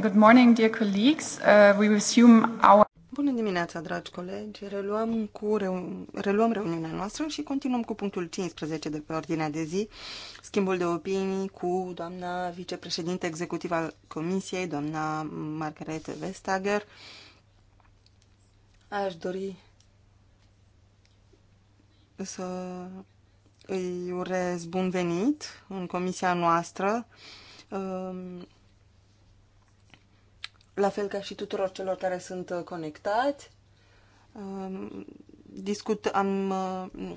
good morning, dear colleagues. Uh, we resume our... Bună dimineața, dragi colegi! Reluăm, cu reu... Reluăm reuniunea noastră și continuăm cu punctul 15 de pe ordinea de zi, schimbul de opinii cu doamna vicepreședinte executivă al Comisiei, doamna Margaret Vestager. Aș dori să îi urez bun venit în comisia noastră. Uh la fel ca și tuturor celor care sunt uh, conectați. Um, discut, am, uh,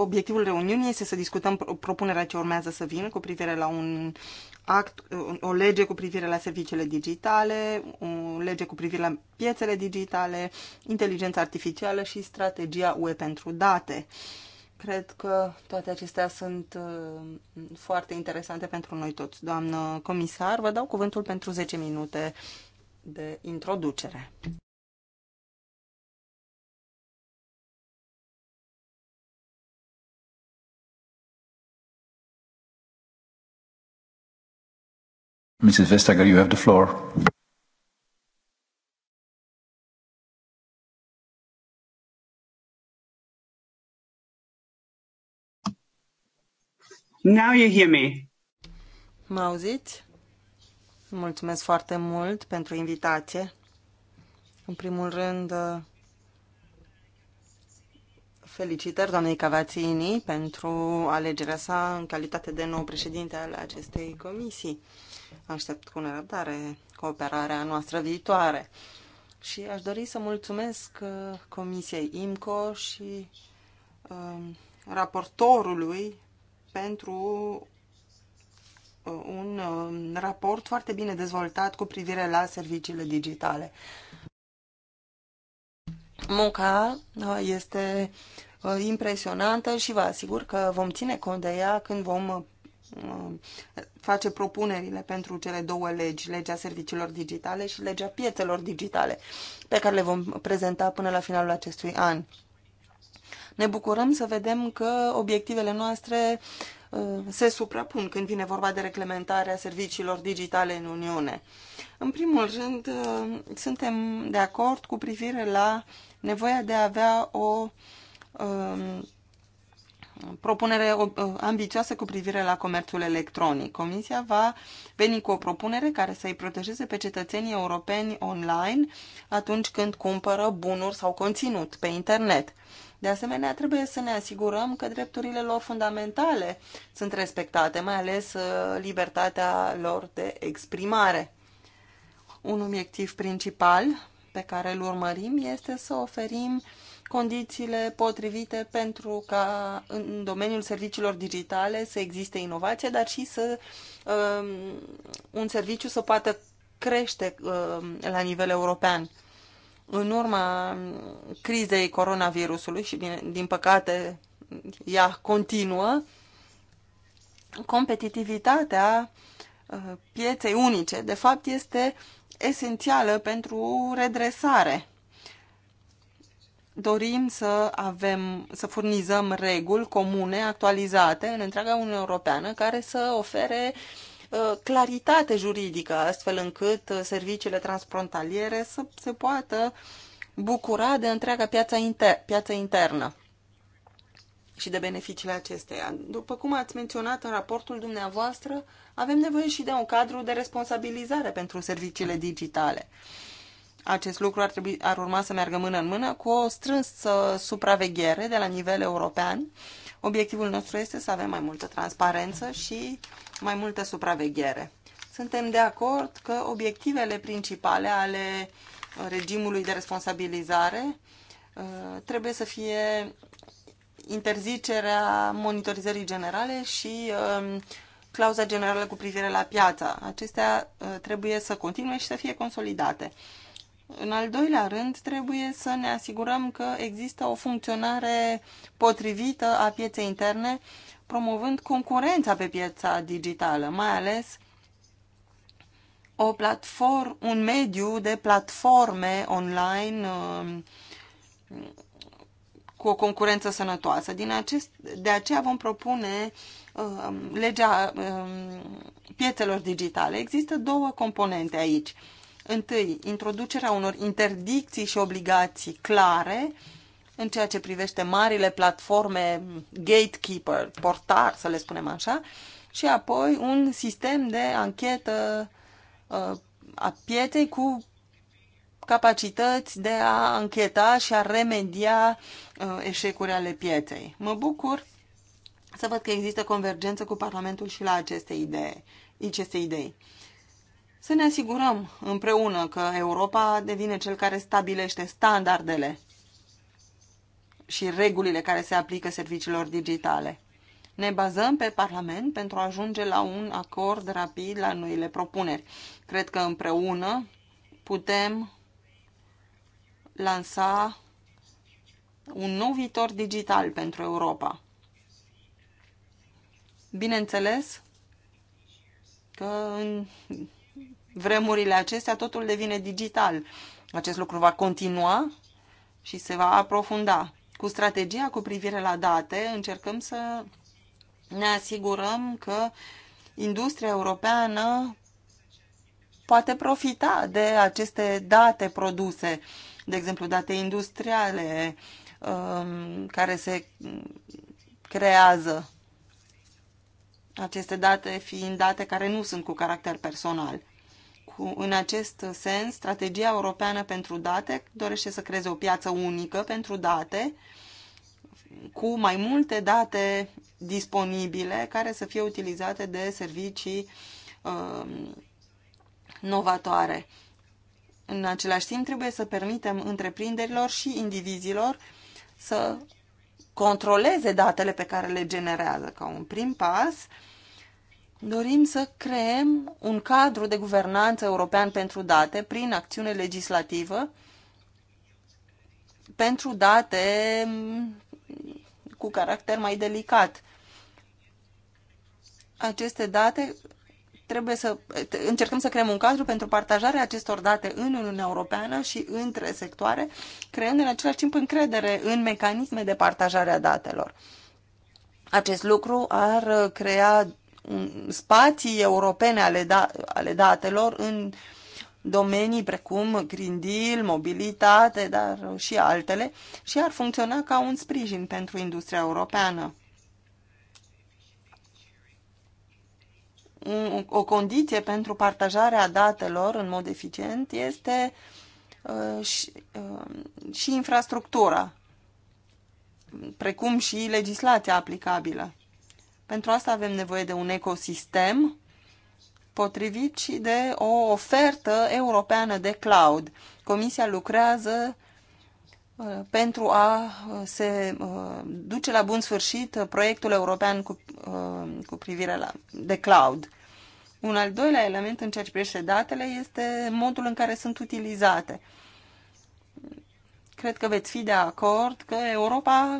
obiectivul reuniunii este să discutăm propunerea ce urmează să vină cu privire la un act, uh, o lege cu privire la serviciile digitale, o lege cu privire la piețele digitale, inteligența artificială și strategia UE pentru date. Uh, Cred că toate acestea sunt uh, foarte interesante pentru noi toți. Doamnă comisar, vă dau cuvântul pentru 10 minute de introducere. Mrs. Vestager, you have the floor. Now you hear me. Mă auziți? Mulțumesc foarte mult pentru invitație. În primul rând, uh, felicitări doamnei Cavațini pentru alegerea sa în calitate de nou președinte al acestei comisii. Aștept cu nerăbdare cooperarea noastră viitoare. Și aș dori să mulțumesc uh, Comisiei IMCO și uh, raportorului pentru uh, un uh, raport foarte bine dezvoltat cu privire la serviciile digitale. Munca uh, este impresionantă și vă asigur că vom ține cont de ea când vom face propunerile pentru cele două legi, legea serviciilor digitale și legea piețelor digitale, pe care le vom prezenta până la finalul acestui an. Ne bucurăm să vedem că obiectivele noastre uh, se suprapun când vine vorba de reglementarea serviciilor digitale în Uniune. În primul rând, uh, suntem de acord cu privire la nevoia de a avea o um, propunere uh, ambițioasă cu privire la comerțul electronic. Comisia va veni cu o propunere care să-i protejeze pe cetățenii europeni online atunci când cumpără bunuri sau conținut pe internet. De asemenea, trebuie să ne asigurăm că drepturile lor fundamentale sunt respectate, mai ales uh, libertatea lor de exprimare. Un obiectiv principal pe care îl urmărim este să oferim condițiile potrivite pentru ca în domeniul serviciilor digitale să existe inovație, dar și să um, un serviciu să poată crește um, la nivel european în urma crizei coronavirusului și, din, din păcate, ea continuă, competitivitatea uh, pieței unice, de fapt, este esențială pentru redresare. Dorim să avem, să furnizăm reguli comune, actualizate în întreaga Uniune Europeană, care să ofere uh, Uh, claritate juridică, astfel încât uh, serviciile transfrontaliere să se poată bucura de întreaga piața, inter- piața internă și de beneficiile acesteia. După cum ați menționat în raportul dumneavoastră, avem nevoie și de un cadru de responsabilizare pentru serviciile digitale. Acest lucru ar, trebui, ar urma să meargă mână în mână cu o strânsă supraveghere de la nivel european Obiectivul nostru este să avem mai multă transparență și mai multă supraveghere. Suntem de acord că obiectivele principale ale uh, regimului de responsabilizare uh, trebuie să fie interzicerea monitorizării generale și um, clauza generală cu privire la piață. Acestea uh, trebuie să continue și să fie consolidate. În al doilea rând, trebuie să ne asigurăm că există o funcționare potrivită a pieței interne, promovând concurența pe piața digitală, mai ales o platform, un mediu de platforme online um, cu o concurență sănătoasă. Din acest, de aceea vom propune um, legea um, piețelor digitale. Există două componente aici Întâi, introducerea unor interdicții și obligații clare în ceea ce privește marile platforme, gatekeeper, portar, să le spunem așa, și apoi un sistem de anchetă uh, a pieței cu capacități de a încheta și a remedia uh, eșecuri ale pieței. Mă bucur să văd că există convergență cu Parlamentul și la aceste idei. Aceste idei să ne asigurăm împreună că Europa devine cel care stabilește standardele și regulile care se aplică serviciilor digitale. Ne bazăm pe Parlament pentru a ajunge la un acord rapid la noile propuneri. Cred că împreună putem lansa un nou viitor digital pentru Europa. Bineînțeles că în vremurile acestea totul devine digital. Acest lucru va continua și se va aprofunda. Cu strategia cu privire la date încercăm să ne asigurăm că industria europeană poate profita de aceste date produse, de exemplu date industriale um, care se creează aceste date fiind date care nu sunt cu caracter personal cu, în acest sens, strategia europeană pentru date dorește să creeze o piață unică pentru date cu mai multe date disponibile care să fie utilizate de servicii uh, novatoare. În același timp, trebuie să permitem întreprinderilor și indivizilor să controleze datele pe care le generează ca un prim pas uh, Dorim să creăm un cadru de guvernanță european pentru date prin acțiune legislativă pentru date mm, cu caracter mai delicat. Aceste date trebuie să încercăm să creăm un cadru pentru partajarea acestor date în Uniunea Europeană și între sectoare, creând în același timp încredere în mecanisme de partajare a datelor. Acest lucru ar crea spații europene ale, da, ale datelor în domenii precum Green Deal, mobilitate, dar și altele, și ar funcționa ca un sprijin pentru industria europeană. O condiție pentru partajarea datelor în mod eficient este uh, și, uh, și infrastructura, precum și legislația aplicabilă. Pentru asta avem nevoie de un ecosistem potrivit și de o ofertă europeană de cloud. Comisia lucrează uh, pentru a uh, se uh, duce la bun sfârșit proiectul european cu, cu privire la de cloud. Un al doilea element în ceea ce privește datele este modul în care sunt utilizate. Cred că veți fi de acord că Europa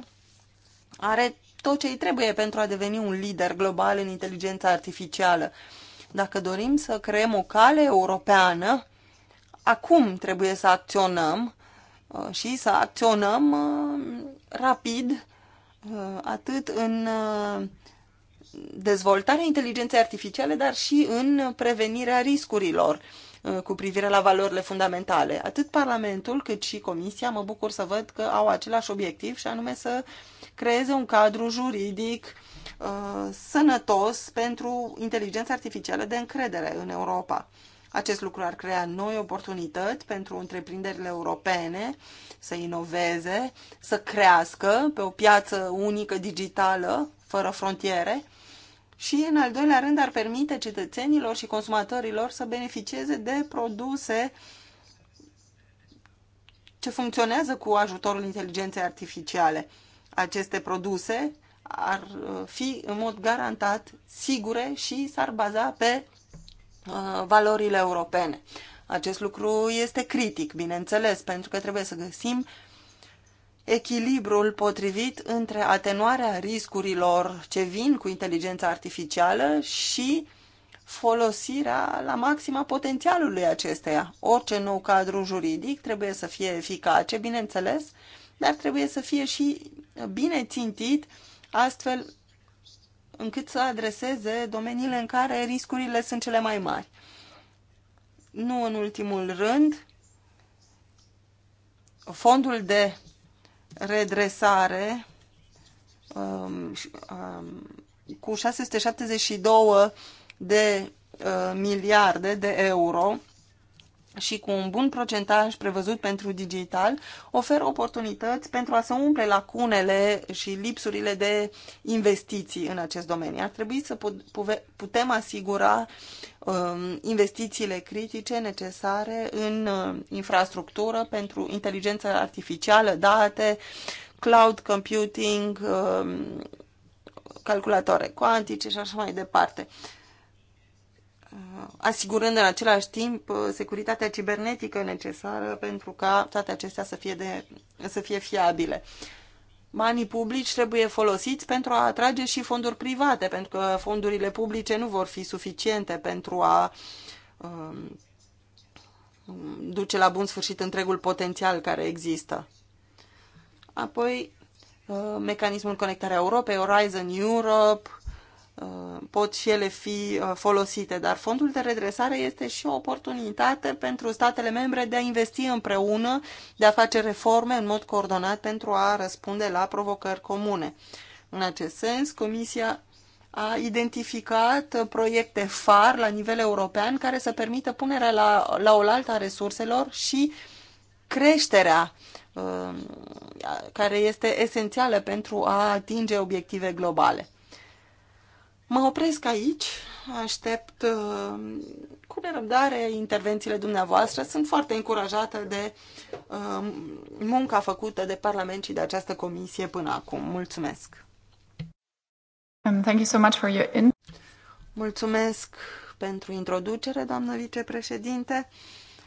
are tot ce îi trebuie pentru a deveni un lider global în inteligența artificială. Dacă dorim să creăm o cale europeană, acum trebuie să acționăm uh, și să acționăm uh, rapid uh, atât în dezvoltarea inteligenței artificiale, dar și în prevenirea riscurilor Uh, cu privire la valorile fundamentale. Atât Parlamentul cât și Comisia mă bucur să văd că au același obiectiv și anume să creeze un cadru juridic uh, sănătos pentru inteligența artificială de încredere în Europa. Acest lucru ar crea noi oportunități pentru întreprinderile europene să inoveze, să crească pe o piață unică digitală, fără frontiere, și, în al doilea rând, ar permite cetățenilor și consumatorilor să beneficieze de produse ce funcționează cu ajutorul inteligenței artificiale. Aceste produse ar uh, fi în mod garantat sigure și s-ar baza pe uh, valorile europene. Acest lucru este critic, bineînțeles, pentru că trebuie să găsim echilibrul potrivit între atenuarea riscurilor ce vin cu inteligența artificială și folosirea la maxima potențialului acesteia. Orice nou cadru juridic trebuie să fie eficace, bineînțeles, dar trebuie să fie și bine țintit, astfel încât să adreseze domeniile în care riscurile sunt cele mai mari. Nu în ultimul rând, fondul de redresare um, um, cu 672 de uh, miliarde de euro și cu un bun procentaj prevăzut pentru digital, oferă oportunități pentru a se umple lacunele și lipsurile de investiții în acest domeniu. Ar trebui să putem asigura um, investițiile critice necesare în uh, infrastructură pentru inteligență artificială, date, cloud computing, um, calculatoare cuantice și așa mai departe. Uh, asigurând în același timp uh, securitatea cibernetică necesară pentru ca toate acestea să fie, de, să fie fiabile. Banii publici trebuie folosiți pentru a atrage și fonduri private, pentru că fondurile publice nu vor fi suficiente pentru a um, duce la bun sfârșit întregul potențial care există. Apoi, uh, mecanismul Conectarea Europei, Horizon Europe, Uh, pot și ele fi uh, folosite, dar fondul de redresare este și o oportunitate pentru statele membre de a investi împreună, de a face reforme în mod coordonat pentru a răspunde la provocări comune. În acest sens, Comisia a identificat proiecte far la nivel european care să permită punerea la, la oaltă a resurselor și creșterea uh, care este esențială pentru a atinge obiective globale. Mă opresc aici, aștept uh, cu nerăbdare intervențiile dumneavoastră. Sunt foarte încurajată de uh, munca făcută de Parlament și de această comisie până acum. Mulțumesc! Um, thank you so much for your in- Mulțumesc pentru introducere, doamnă vicepreședinte.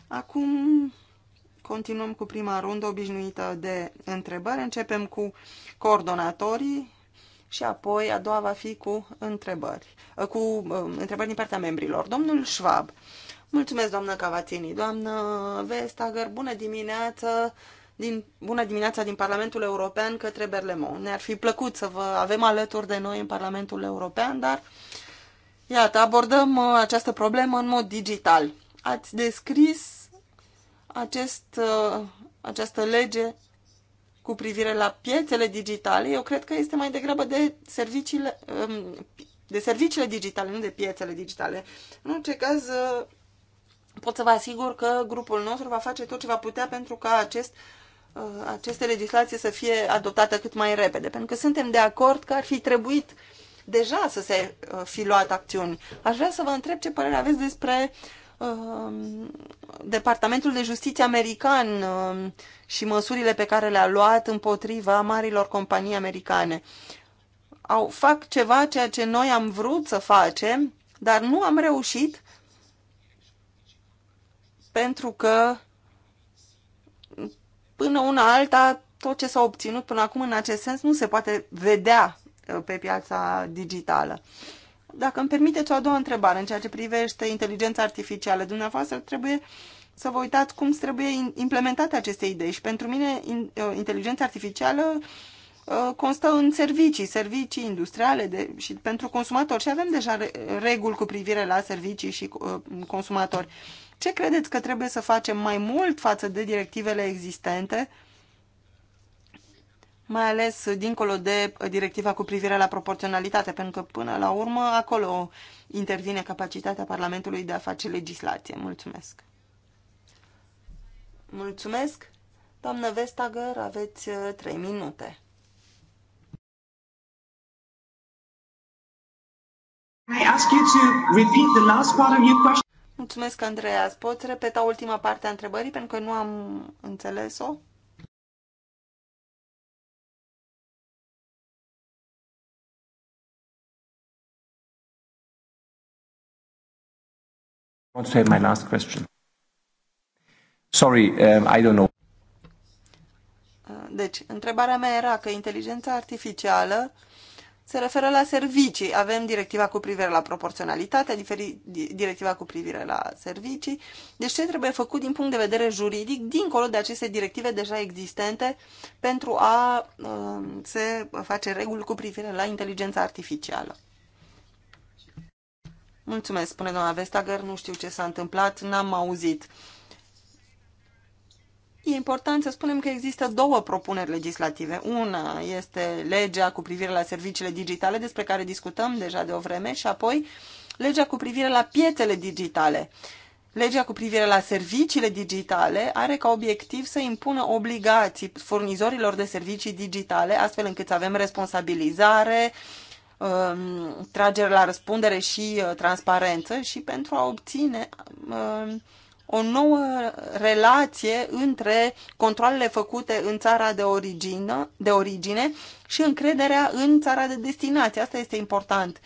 Acum continuăm cu prima rundă obișnuită de întrebări. Începem cu coordonatorii și apoi a doua va fi cu întrebări, uh, cu um, întrebări din partea membrilor. Domnul Schwab, mulțumesc doamnă Cavațini, doamnă Vestager, bună dimineață! Din, bună dimineața din Parlamentul European către Berlemont. Ne-ar fi plăcut să vă avem alături de noi în Parlamentul European, dar iată, abordăm uh, această problemă în mod digital. Ați descris acest, uh, această lege cu privire la piețele digitale, eu cred că este mai degrabă de serviciile, um, de serviciile digitale, nu de piețele digitale. În orice caz, uh, pot să vă asigur că grupul nostru va face tot ce va putea pentru ca acest, uh, aceste legislații să fie adoptate cât mai repede, pentru că suntem de acord că ar fi trebuit deja să se uh, fi luat acțiuni. Aș vrea să vă întreb ce părere aveți despre uh, Um, Departamentul de Justiție american um, și măsurile pe care le-a luat împotriva marilor companii americane. Au, fac ceva ceea ce noi am vrut să facem, dar nu am reușit pentru că până una alta tot ce s-a obținut până acum în acest sens nu se poate vedea uh, pe piața digitală. Uh, dacă îmi permiteți o a doua întrebare în ceea ce privește inteligența artificială, dumneavoastră trebuie să vă uitați cum trebuie implementate aceste idei și pentru mine uh, inteligența artificială uh, constă în servicii, servicii industriale de, și pentru consumatori și avem deja reguli cu privire la servicii și uh, consumatori. Ce credeți că trebuie să facem mai mult față de directivele existente uh, mai ales dincolo de directiva cu privire la proporționalitate, pentru că până la urmă acolo intervine capacitatea Parlamentului de a face legislație. Mulțumesc! Mulțumesc! Doamnă Vestager, aveți uh, trei minute. I ask you to repeat the last part of your question. Mulțumesc, Andreea. Poți repeta ultima parte a întrebării pentru că nu am înțeles-o? to have my last question. Sorry, um, I don't know. Uh, deci, întrebarea mea era că inteligența artificială se referă la servicii. Avem directiva cu privire la proporționalitate, directiva cu privire la servicii. Deci ce trebuie făcut din punct de vedere juridic, dincolo de aceste directive deja existente, pentru a uh, se face reguli cu privire la inteligența artificială? Mulțumesc, spune doamna Vestager, nu știu ce s-a întâmplat, n-am auzit. E important să spunem că există două propuneri legislative. Una este legea cu privire la serviciile digitale, despre care discutăm deja de o vreme, și apoi legea cu privire la piețele digitale. Legea cu privire la serviciile digitale are ca obiectiv să impună obligații furnizorilor de servicii digitale, astfel încât să avem responsabilizare, uh, Um, tragere la răspundere și uh, transparență și pentru a obține um, o nouă relație între controlele făcute în țara de, origine, de origine și încrederea în țara de destinație. Asta este important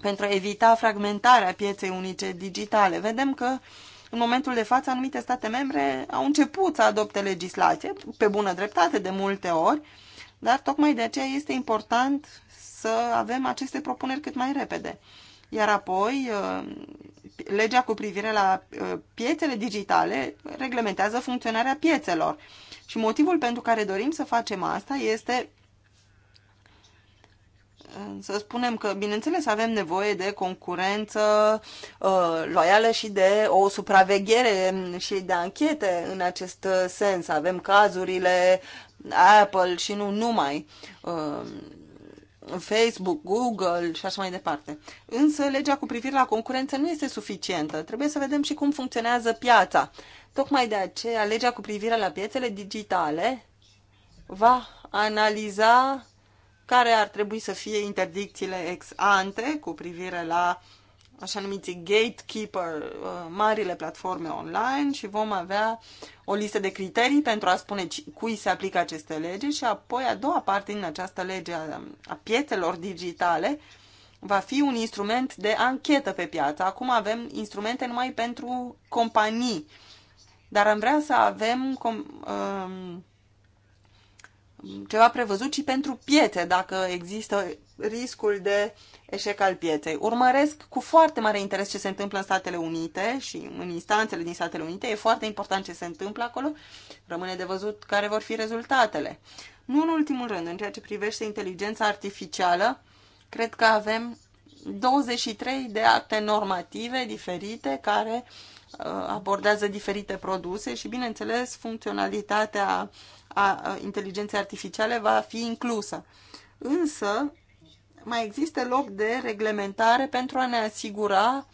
pentru a evita fragmentarea pieței unice digitale. Vedem că în momentul de față anumite state membre au început să adopte legislație, pe bună dreptate de multe ori, dar tocmai de aceea este important să avem aceste propuneri cât mai repede. Iar apoi, uh, legea cu privire la uh, piețele digitale reglementează funcționarea piețelor. Și motivul pentru care dorim să facem asta este uh, să spunem că, bineînțeles, avem nevoie de concurență loială și de o supraveghere și de anchete în acest sens. Avem cazurile Apple și nu numai. Facebook, Google și așa mai departe. Însă legea cu privire la concurență nu este suficientă. Trebuie să vedem și cum funcționează piața. Tocmai de aceea, legea cu privire la piețele digitale va analiza care ar trebui să fie interdicțiile ex ante cu privire la uh, așa numiți gatekeeper, uh, marile platforme online și vom avea o listă de criterii pentru a spune cui se aplică aceste lege și apoi a doua parte din această lege a, a piețelor digitale va fi un instrument de anchetă pe piață. Acum avem instrumente numai pentru companii, dar am vrea să avem com, um, ceva prevăzut și pentru piețe, dacă există riscul de uh, eșec al pieței. Urmăresc cu foarte mare interes ce se întâmplă în Statele Unite și în instanțele din Statele Unite. E foarte important ce se întâmplă acolo. Rămâne de văzut care vor fi rezultatele. Nu în ultimul rând, în ceea ce privește inteligența artificială, cred că avem 23 de acte normative diferite care uh, abordează diferite produse și, bineînțeles, funcționalitatea a inteligenței artificiale va fi inclusă. Însă, mai există loc de reglementare pentru a ne asigura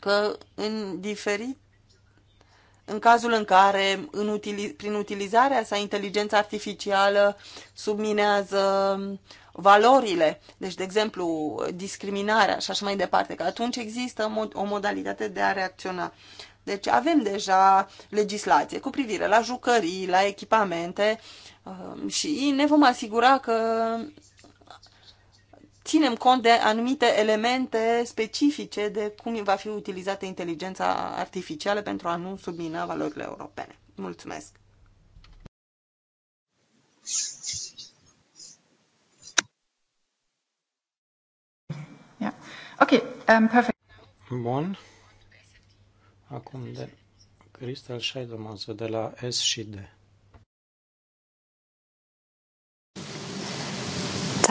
că în diferit în cazul în care în utiliz, prin utilizarea sa inteligența artificială subminează valorile, deci, de exemplu, discriminarea și așa mai departe, că atunci există o modalitate de a reacționa. Deci avem deja legislație cu privire la jucării, la echipamente uh, și ne vom asigura că ținem cont de anumite elemente specifice de cum va fi utilizată inteligența artificială pentru a nu submina valorile europene. Mulțumesc! Yeah. Ok, um, perfect. Bun. Acum de Crystal Scheidemann de la S și D.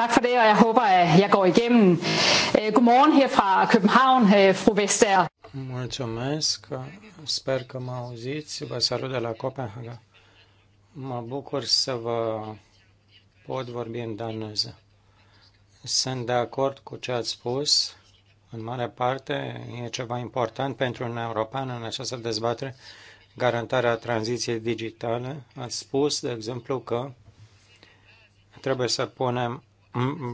tak for det, og jeg håber, at jeg går igennem. Øh, godmorgen her fra København, øh, fru Vestager. Mulțumesc, sper că mă auziți, vă salut de la Copenhaga. Mă bucur să vă pot vorbi în daneză. Sunt de acord cu ce ați spus, în mare parte e ceva important pentru un european în această dezbatere, garantarea tranziției digitale. Ați spus, de exemplu, că trebuie să punem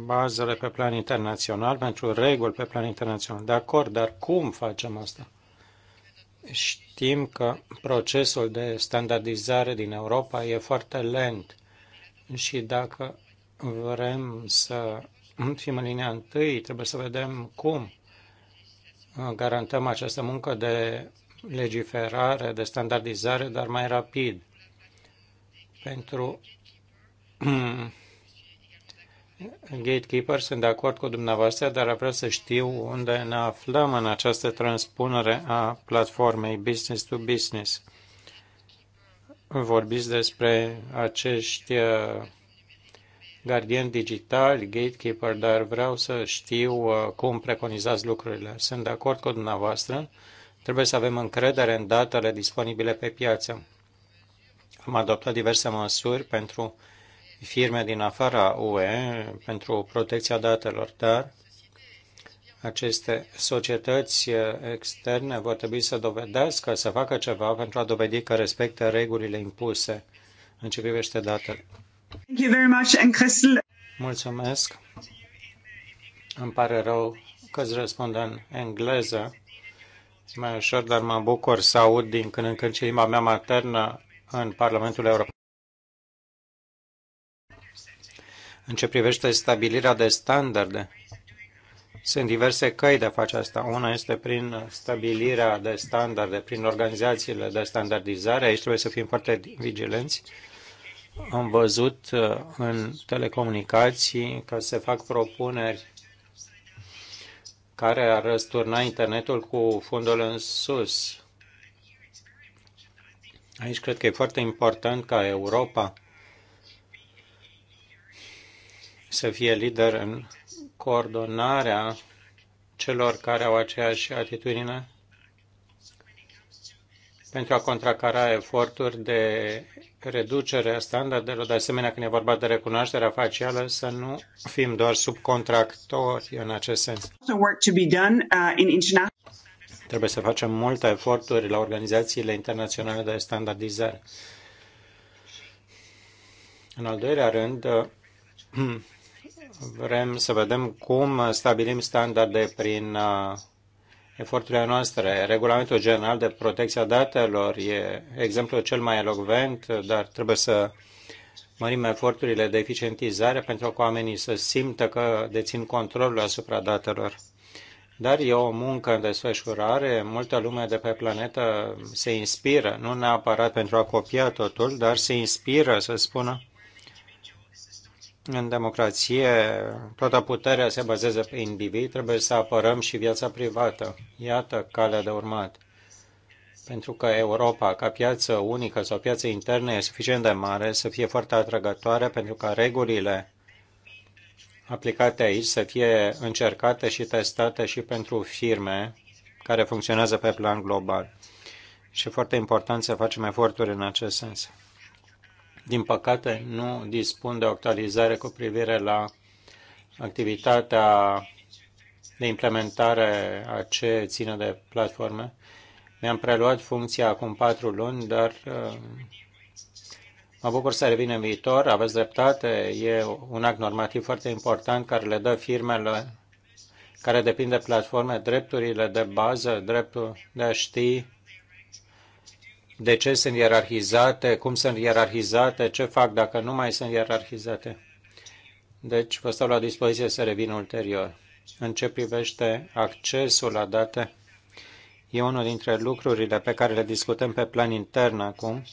bazele pe plan internațional, pentru reguli pe plan internațional. De acord, dar cum facem asta? Știm că procesul de standardizare din Europa e foarte lent și dacă vrem să fim în linia întâi, trebuie să vedem cum garantăm această muncă de legiferare, de standardizare, dar mai rapid. Pentru gatekeeper, sunt de acord cu dumneavoastră, dar vreau să știu unde ne aflăm în această transpunere a platformei business to business. Vorbiți despre acești uh, gardieni digitali, gatekeeper, dar vreau să știu uh, cum preconizați lucrurile. Sunt de acord cu dumneavoastră, trebuie să avem încredere în datele disponibile pe piață. Am adoptat diverse măsuri pentru firme din afara UE pentru protecția datelor, dar aceste societăți externe vor trebui să dovedească, să facă ceva pentru a dovedi că respectă regulile impuse în ce privește datele. Thank you very much, and Crystal. Mulțumesc. Îmi pare rău că îți răspund în engleză. Mai ușor, dar mă bucur să aud din când în când și limba mea maternă în Parlamentul European. În ce privește stabilirea de standarde, sunt diverse căi de a face asta. Una este prin stabilirea de standarde, prin organizațiile de standardizare. Aici trebuie să fim foarte vigilenți. Am văzut uh, în telecomunicații că se fac propuneri care ar răsturna internetul cu fundul în sus. Aici cred că e foarte important ca Europa să fie lider în coordonarea celor care au aceeași atitudine pentru a contracara eforturi de reducere a standardelor, de asemenea când e vorba de recunoașterea facială, să nu fim doar subcontractori în acest sens. Uh, Trebuie să facem multe eforturi la organizațiile internaționale de standardizare. În al doilea rând, Vrem să vedem cum stabilim standarde prin uh, eforturile noastre. Regulamentul general de protecție a datelor e exemplul cel mai elocvent, dar trebuie să mărim eforturile de eficientizare pentru că oamenii să simtă că dețin controlul asupra datelor. Dar e o muncă în desfășurare, multă lume de pe planetă se inspiră, nu neapărat pentru a copia totul, dar se inspiră să spună în democrație, toată puterea se bazează pe individ, trebuie să apărăm și viața privată. Iată calea de urmat. Pentru că Europa, ca piață unică sau piață internă, e suficient de mare să fie foarte atrăgătoare pentru ca regulile aplicate aici să fie încercate și testate și pentru firme care funcționează pe plan global. Și foarte important să facem eforturi în acest sens din păcate, nu dispun de o actualizare cu privire la activitatea de implementare a ce ține de platforme. Mi-am preluat funcția acum patru luni, dar uh, mă bucur să revin în viitor. Aveți dreptate, e un act normativ foarte important care le dă firmele, care depind de platforme drepturile de bază, dreptul de a ști de ce sunt ierarhizate, cum sunt ierarhizate, ce fac dacă nu mai sunt ierarhizate. Deci vă stau la dispoziție să revin ulterior. În ce privește accesul la date, e unul dintre lucrurile pe care le discutăm pe plan intern acum,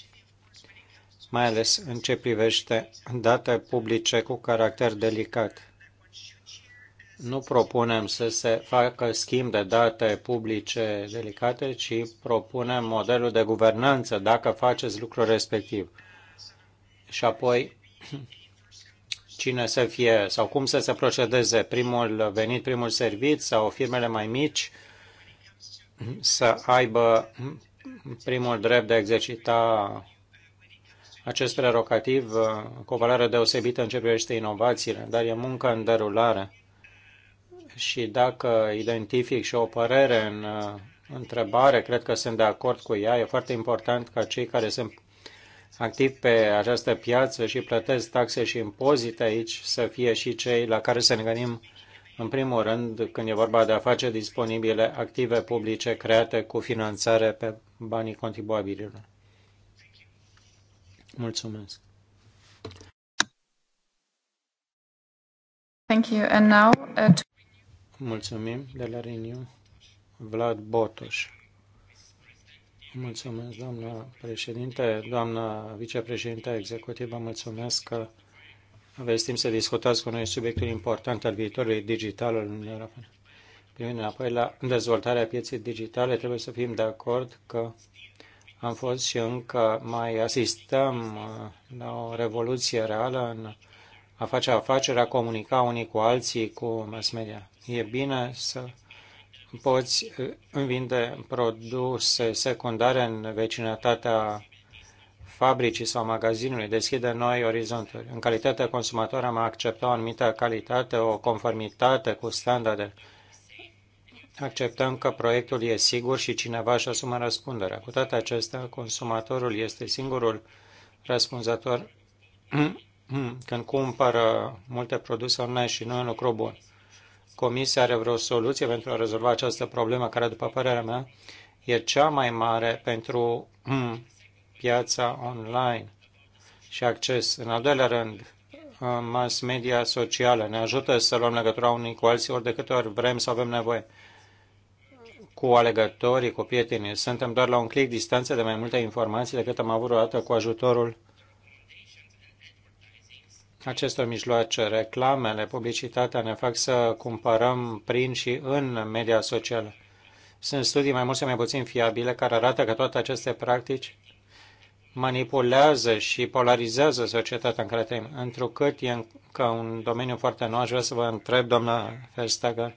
mai ales în ce privește date publice cu caracter delicat nu propunem să se facă schimb de date publice delicate, ci propunem modelul de guvernanță dacă faceți lucrul respectiv. Și apoi, cine să fie sau cum să se procedeze, primul venit, primul servit sau firmele mai mici să aibă primul drept de a exercita acest prerogativ cu o valoare deosebită în ce privește inovațiile, dar e muncă în derulare și dacă identific și o părere în uh, întrebare, cred că sunt de acord cu ea. E foarte important ca cei care sunt activi pe această piață și plătesc taxe și impozite aici să fie și cei la care să ne gândim în primul rând când e vorba de a face disponibile active publice create cu finanțare pe banii contribuabililor. Mulțumesc. Thank you. And now, uh, Mulțumim de la Reniu. Vlad Botoș. Mulțumesc, doamna președinte, doamna vicepreședinte executivă, mulțumesc că aveți timp să discutați cu noi subiectul important al viitorului digital al Uniunii Europene. Primind înapoi la dezvoltarea pieței digitale, trebuie să fim de acord că am fost și încă mai asistăm uh, la o revoluție reală în a face afacerea, a comunica unii cu alții, cu mass media. E bine să poți uh, învinde produse secundare în vecinătatea fabricii sau magazinului, deschide noi orizonturi. În calitatea de am acceptat o anumită calitate, o conformitate cu standarde. Acceptăm că proiectul e sigur și cineva își asumă răspunderea. Cu toate acestea, consumatorul este singurul răspunzător când cumpără multe produse online și nu e un lucru bun. Comisia are vreo soluție pentru a rezolva această problemă care, după părerea mea, e cea mai mare pentru hmm, piața online și acces. În al doilea rând, mass media socială ne ajută să luăm legătura unii cu alții ori de câte ori vrem să avem nevoie cu alegătorii, cu prietenii. Suntem doar la un clic distanță de mai multe informații decât am avut o dată cu ajutorul aceste mijloace, reclamele, publicitatea ne fac să cumpărăm prin și în media socială. Sunt studii mai mult sau mai puțin fiabile care arată că toate aceste practici manipulează și polarizează societatea în care trăim. Întrucât e încă un domeniu foarte nou, aș vrea să vă întreb, doamna Verstager,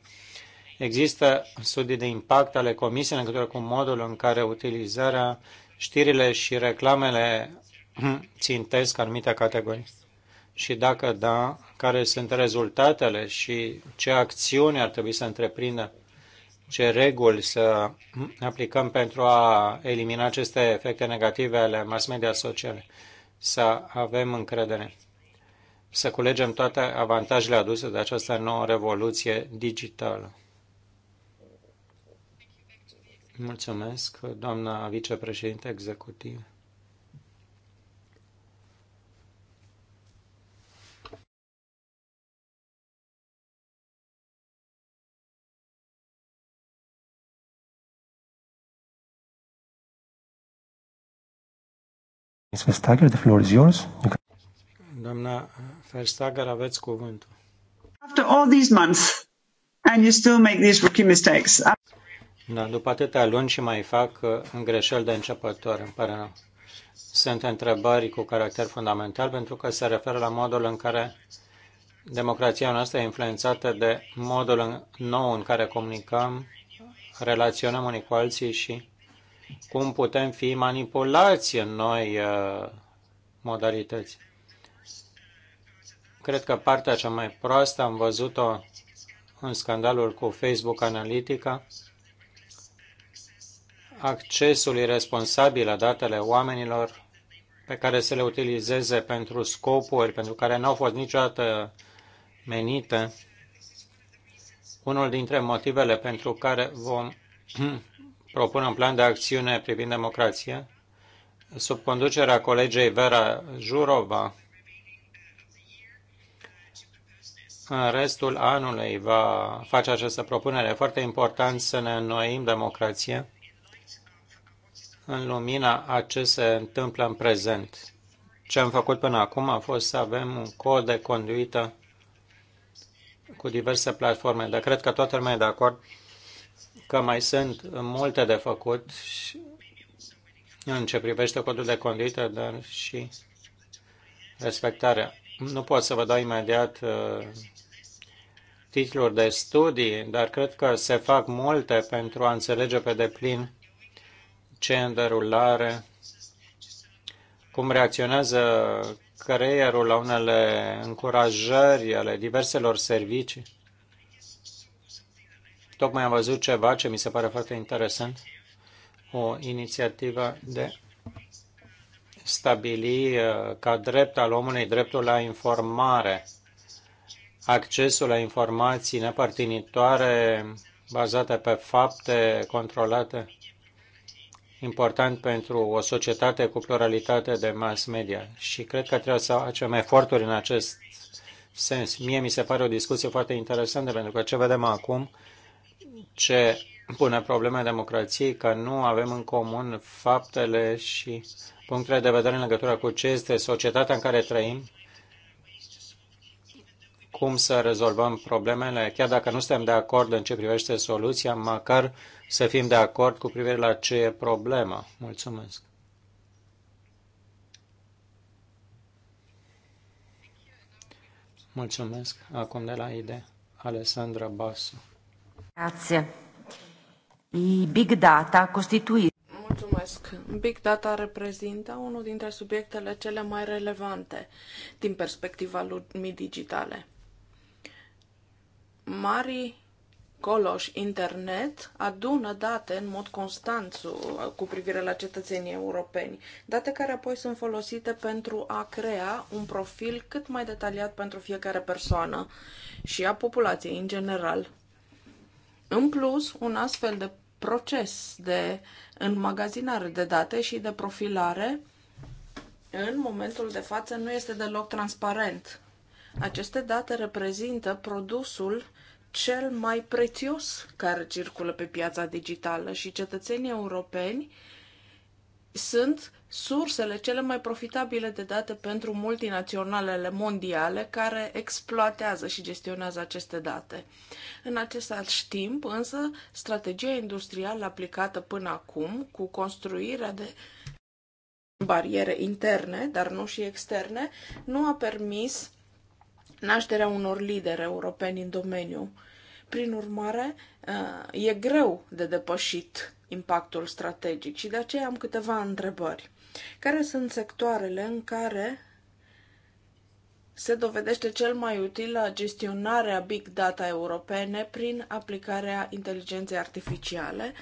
există studii de impact ale comisiei în legătură cu modul în care utilizarea, știrile și reclamele țintesc anumite categorii? și dacă da, care sunt rezultatele și ce acțiuni ar trebui să întreprindă, ce reguli să aplicăm pentru a elimina aceste efecte negative ale mass media sociale, să avem încredere, să culegem toate avantajele aduse de această nouă revoluție digitală. Mulțumesc, doamna vicepreședinte executivă. Ms. Vestager, the floor is yours. You can... Doamna Verstager, aveți cuvântul. After all these months, and you still make these rookie mistakes. Da, după atâtea luni și mai fac uh, în greșeli de începător, îmi pare rău. Sunt întrebări cu caracter fundamental pentru că se referă la modul în care democrația noastră e influențată de modul nou în care comunicăm, relaționăm unii cu alții și cum putem fi manipulați în noi uh, modalități. Cred că partea cea mai proastă am văzut-o în scandalul cu Facebook Analytica, accesul irresponsabil la datele oamenilor pe care să le utilizeze pentru scopuri pentru care nu au fost niciodată menite. Unul dintre motivele pentru care vom propun un plan de acțiune privind democrația sub conducerea colegei Vera Jurova. În restul anului va face această propunere. Foarte important să ne înnoim democrația în lumina a ce se întâmplă în prezent. Ce am făcut până acum a fost să avem un cod de conduită cu diverse platforme, dar cred că toată lumea e de acord că mai sunt multe de făcut și în ce privește codul de conduită, dar și respectarea. Nu pot să vă dau imediat uh, titluri de studii, dar cred că se fac multe pentru a înțelege pe deplin ce e în derulare, cum reacționează creierul la unele încurajări ale diverselor servicii Tocmai am văzut ceva ce mi se pare foarte interesant, o inițiativă de stabili uh, ca drept al omului dreptul la informare, accesul la informații nepartinitoare bazate pe fapte controlate, important pentru o societate cu pluralitate de mass media. Și cred că trebuie să facem eforturi în acest sens. Mie mi se pare o discuție foarte interesantă, pentru că ce vedem acum ce pune probleme democrației, că nu avem în comun faptele și punctele de vedere în legătură cu ce este societatea în care trăim, cum să rezolvăm problemele, chiar dacă nu suntem de acord în ce privește soluția, măcar să fim de acord cu privire la ce e problema. Mulțumesc! Mulțumesc! Acum de la IDE, Alessandra Basu. Grazie. I big data costituisce Big data reprezintă unul dintre subiectele cele mai relevante din perspectiva lumii digitale. Mari coloși internet adună date în mod constant cu privire la cetățenii europeni, date care apoi sunt folosite pentru a crea un profil cât mai detaliat pentru fiecare persoană și a populației în general. În plus, un astfel de proces de înmagazinare de date și de profilare în momentul de față nu este deloc transparent. Aceste date reprezintă produsul cel mai prețios care circulă pe piața digitală și cetățenii europeni sunt sursele cele mai profitabile de date pentru multinaționalele mondiale care exploatează și gestionează aceste date. În acest timp, însă, strategia industrială aplicată până acum cu construirea de bariere interne, dar nu și externe, nu a permis nașterea unor lideri europeni în domeniu prin urmare, uh, e greu de depășit impactul strategic și de aceea am câteva întrebări. Care sunt sectoarele în care se dovedește cel mai utilă gestionarea big data europene prin aplicarea inteligenței artificiale?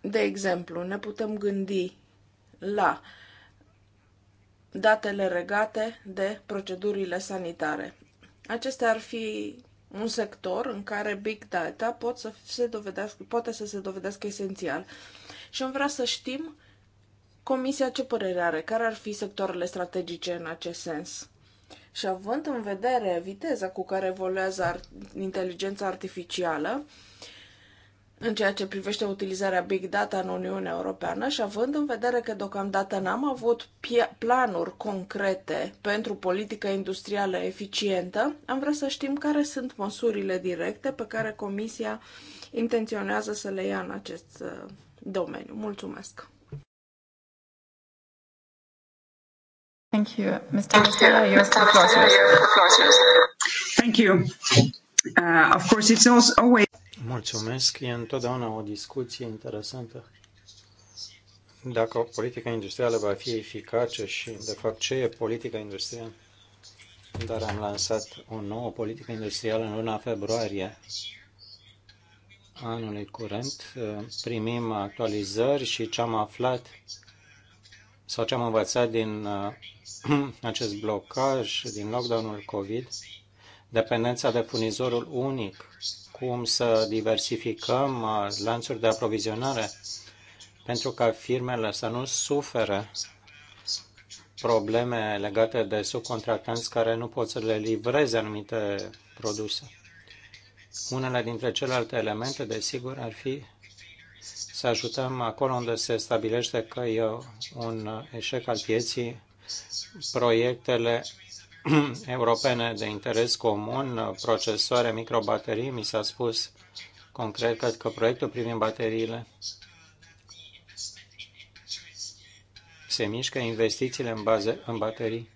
De exemplu, ne putem gândi la datele regate de procedurile sanitare. Acestea ar fi un sector în care big data pot să se dovedească, poate să se dovedească esențial. Și am vrea să știm Comisia ce părere are, care ar fi sectoarele strategice în acest sens. Și având în vedere viteza cu care evoluează ar- inteligența artificială, în ceea ce privește utilizarea Big Data în Uniunea Europeană și având în vedere că deocamdată n-am avut planuri concrete pentru politică industrială eficientă, am vrea să știm care sunt măsurile directe pe care Comisia intenționează să le ia în acest uh, domeniu. Mulțumesc! Thank you. Mr. Costello, you Thank you. Uh, of course, it's always Mulțumesc. E întotdeauna o discuție interesantă. Dacă o politică industrială va fi eficace și, de fapt, ce e politica industrială? Dar am lansat o nouă politică industrială în luna februarie anului curent. Primim actualizări și ce am aflat sau ce am învățat din uh, acest blocaj, din lockdown-ul COVID, dependența de furnizorul unic cum să diversificăm uh, lanțuri de aprovizionare pentru ca firmele să nu suferă probleme legate de subcontractanți care nu pot să le livreze anumite produse. Unele dintre celelalte elemente, desigur, ar fi să ajutăm acolo unde se stabilește că e un eșec al pieții proiectele europene de interes comun, procesoare, microbaterii, mi s-a spus concret cred că proiectul privind bateriile se mișcă investițiile în, baze, în baterii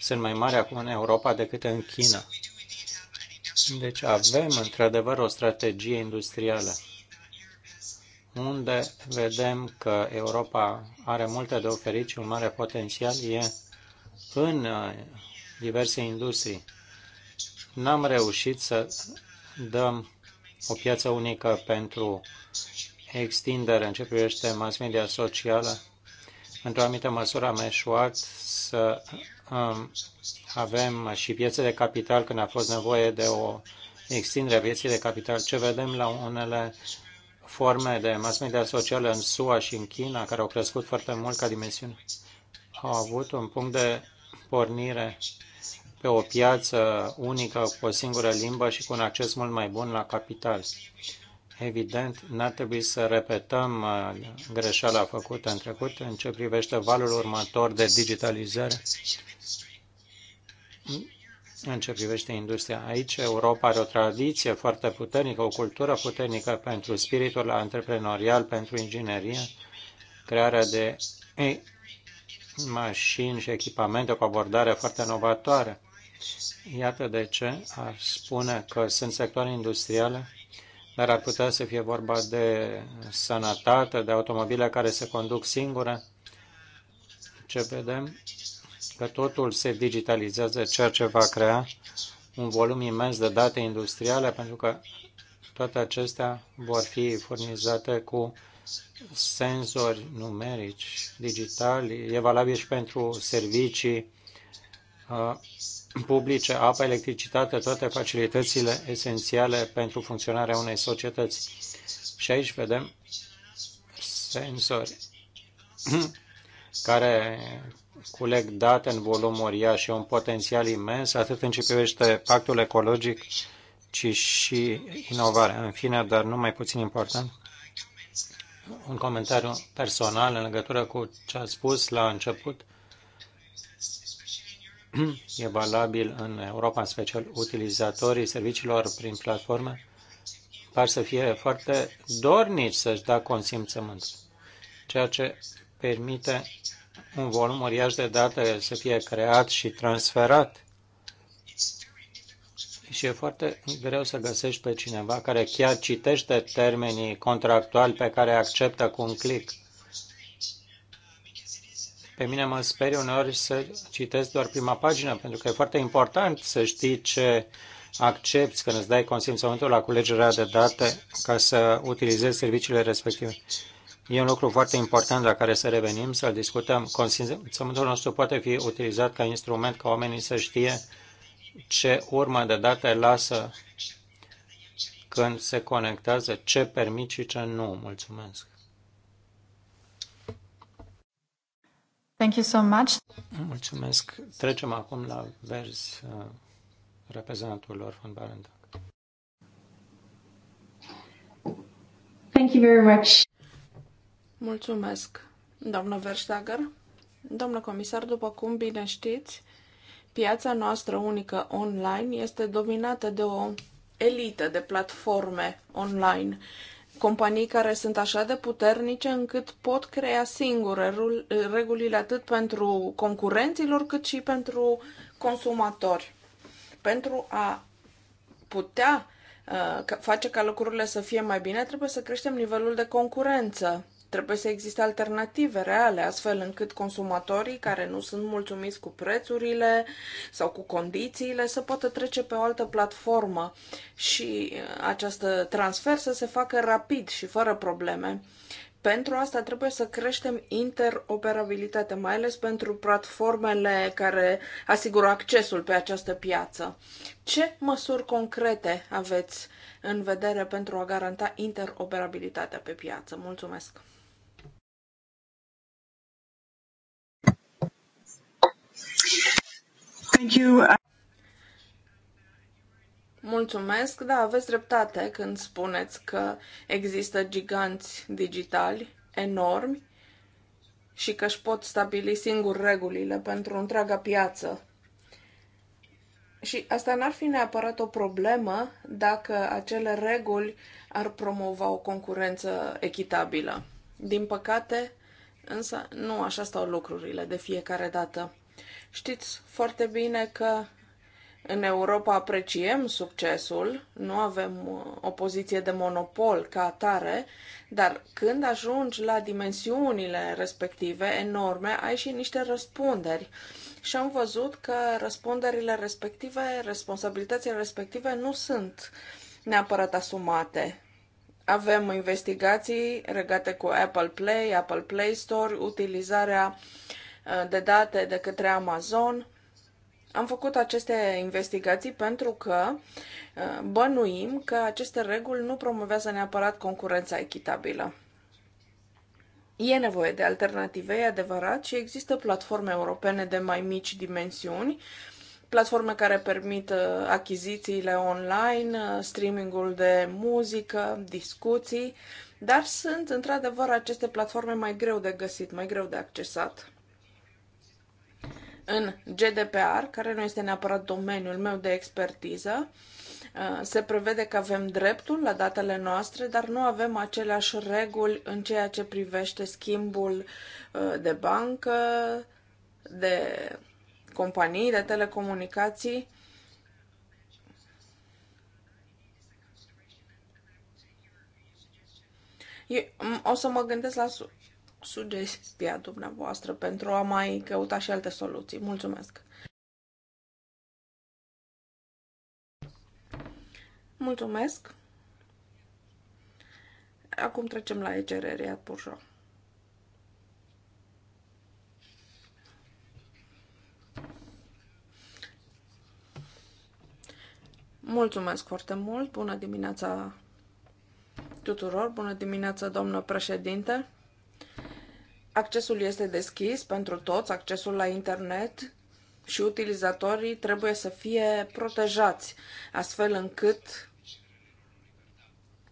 sunt mai mari acum în Europa decât în China. Deci avem într-adevăr o strategie industrială unde vedem că Europa are multe de oferit și un mare potențial e în uh, diverse industrii. N-am reușit să dăm o piață unică pentru extindere în ce privește mass media socială. Într-o anumită măsură am eșuat să um, avem și piețe de capital când a fost nevoie de o extindere a pieței de capital. Ce vedem la unele forme de mass media socială în SUA și în China, care au crescut foarte mult ca dimensiune, au avut un punct de pornire pe o piață unică cu o singură limbă și cu un acces mult mai bun la capital. Evident, n-ar trebui să repetăm uh, greșeala făcută în trecut în ce privește valul următor de digitalizare în ce privește industria. Aici Europa are o tradiție foarte puternică, o cultură puternică pentru spiritul antreprenorial, pentru inginerie, crearea de mașini și echipamente cu abordare foarte novatoare. Iată de ce ar spune că sunt sectoare industriale, dar ar putea să fie vorba de sănătate, de automobile care se conduc singure. Ce vedem? Că totul se digitalizează, ceea ce va crea un volum imens de date industriale, pentru că toate acestea vor fi furnizate cu senzori numerici, digitali, e valabil și pentru servicii uh, publice, apă, electricitate, toate facilitățile esențiale pentru funcționarea unei societăți. Și aici vedem sensori care culeg date în volum uriaș și un potențial imens, atât în ce privește pactul ecologic, ci și inovarea. În fine, dar nu mai puțin important, un comentariu personal în legătură cu ce a spus la început. E valabil în Europa, în special utilizatorii serviciilor prin platforme, par să fie foarte dornici să-și da consimțământ, ceea ce permite un volum uriaș de date să fie creat și transferat și e foarte greu să găsești pe cineva care chiar citește termenii contractuali pe care acceptă cu un click. Pe mine mă sperie uneori să citesc doar prima pagină, pentru că e foarte important să știi ce accepti când îți dai consimțământul la culegerea de date ca să utilizezi serviciile respective. E un lucru foarte important la care să revenim, să-l discutăm. Consimțământul nostru poate fi utilizat ca instrument ca oamenii să știe ce urmă de date lasă când se conectează, ce permit și ce nu. Mulțumesc! Thank you so much. Mulțumesc. Trecem acum la vers uh, reprezentantul lor von Barendag. Thank you very much. Mulțumesc, doamnă Verstager. domnul comisar, după cum bine știți, Piața noastră unică online este dominată de o elită de platforme online, companii care sunt așa de puternice încât pot crea singure regulile atât pentru concurenților cât și pentru consumatori. Pentru a putea uh, face ca lucrurile să fie mai bine, trebuie să creștem nivelul de concurență Trebuie să existe alternative reale, astfel încât consumatorii care nu sunt mulțumiți cu prețurile sau cu condițiile să poată trece pe o altă platformă și uh, acest transfer să se facă rapid și fără probleme. Pentru asta trebuie să creștem interoperabilitatea, mai ales pentru platformele care asigură accesul pe această piață. Ce măsuri concrete aveți în vedere pentru a garanta interoperabilitatea pe piață? Mulțumesc! Thank you. Uh, Mulțumesc, da, aveți dreptate când spuneți că există giganți digitali enormi și că își pot stabili singur regulile pentru întreaga piață. Și asta n-ar fi neapărat o problemă dacă acele reguli ar promova o concurență echitabilă. Din păcate, însă, nu așa stau lucrurile de fiecare dată. Știți foarte bine că în Europa apreciem succesul, nu avem uh, o poziție de monopol ca atare, dar când ajungi la dimensiunile respective enorme, ai și niște răspunderi. Și am văzut că răspunderile respective, responsabilitățile respective nu sunt neapărat asumate. Avem investigații regate cu Apple Play, Apple Play Store, utilizarea uh, Uh, de date de către Amazon. Am făcut aceste investigații pentru că uh, bănuim că aceste reguli nu promovează neapărat concurența echitabilă. E nevoie de alternative, e adevărat, și există platforme europene de mai mici dimensiuni, platforme care permit uh, achizițiile online, streamingul de muzică, discuții, dar sunt într-adevăr aceste platforme mai greu de găsit, mai greu de accesat în GDPR, care nu este neapărat domeniul meu de expertiză, uh, se prevede că avem dreptul la datele noastre, dar nu avem aceleași reguli în ceea ce privește schimbul uh, de bancă, de companii, de telecomunicații. Eu, o să mă gândesc la sugestia dumneavoastră pentru a mai căuta și alte soluții. Mulțumesc! Mulțumesc! Acum trecem la ECR, Riad Mulțumesc foarte mult! Bună dimineața tuturor! Bună dimineața, domnul președinte! Accesul este deschis pentru toți, accesul la internet și utilizatorii trebuie să fie protejați, astfel încât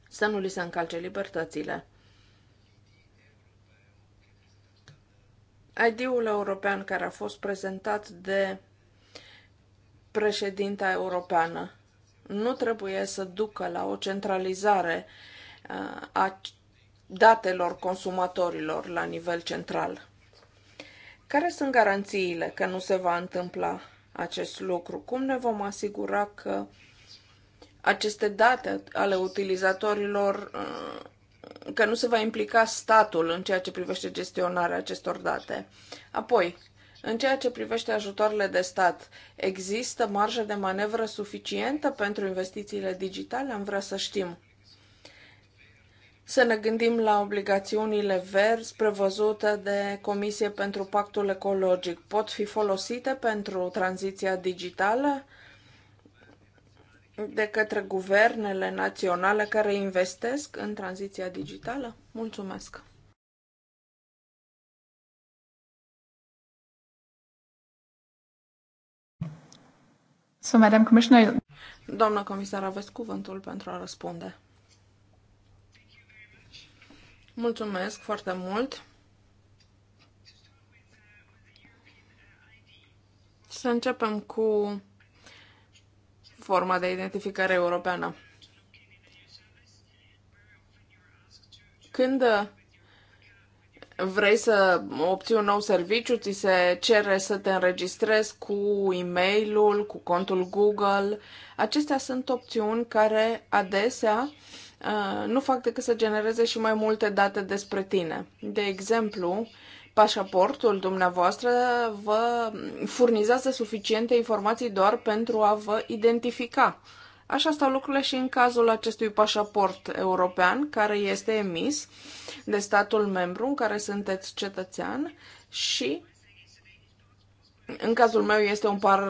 să nu li se încalce libertățile. ID-ul european care a fost prezentat de președinta europeană nu trebuie să ducă la o centralizare uh, a datelor consumatorilor la nivel central. Care sunt garanțiile că nu se va întâmpla acest lucru? Cum ne vom asigura că aceste date ale utilizatorilor, uh, că nu se va implica statul în ceea ce privește gestionarea acestor date? Apoi, în ceea ce privește ajutoarele de stat, există marjă de manevră suficientă pentru investițiile digitale? Am vrea să știm să ne gândim la obligațiunile verzi prevăzute de Comisie pentru Pactul Ecologic. Pot fi folosite pentru tranziția digitală de către guvernele naționale care investesc în tranziția digitală? Mulțumesc! So, Madam Commissioner... Doamna comisar, aveți cuvântul pentru a răspunde. Mulțumesc foarte mult. Să începem cu forma de identificare europeană. Când vrei să obții un nou serviciu, ți se cere să te înregistrezi cu e-mailul, cu contul Google. Acestea sunt opțiuni care adesea uh, Uh, nu fac decât să genereze și mai multe date despre tine. De exemplu, pașaportul dumneavoastră vă furnizează suficiente informații doar pentru a vă identifica. Așa stau lucrurile și în cazul acestui pașaport european care este emis de statul membru în care sunteți cetățean și în cazul meu este un, par,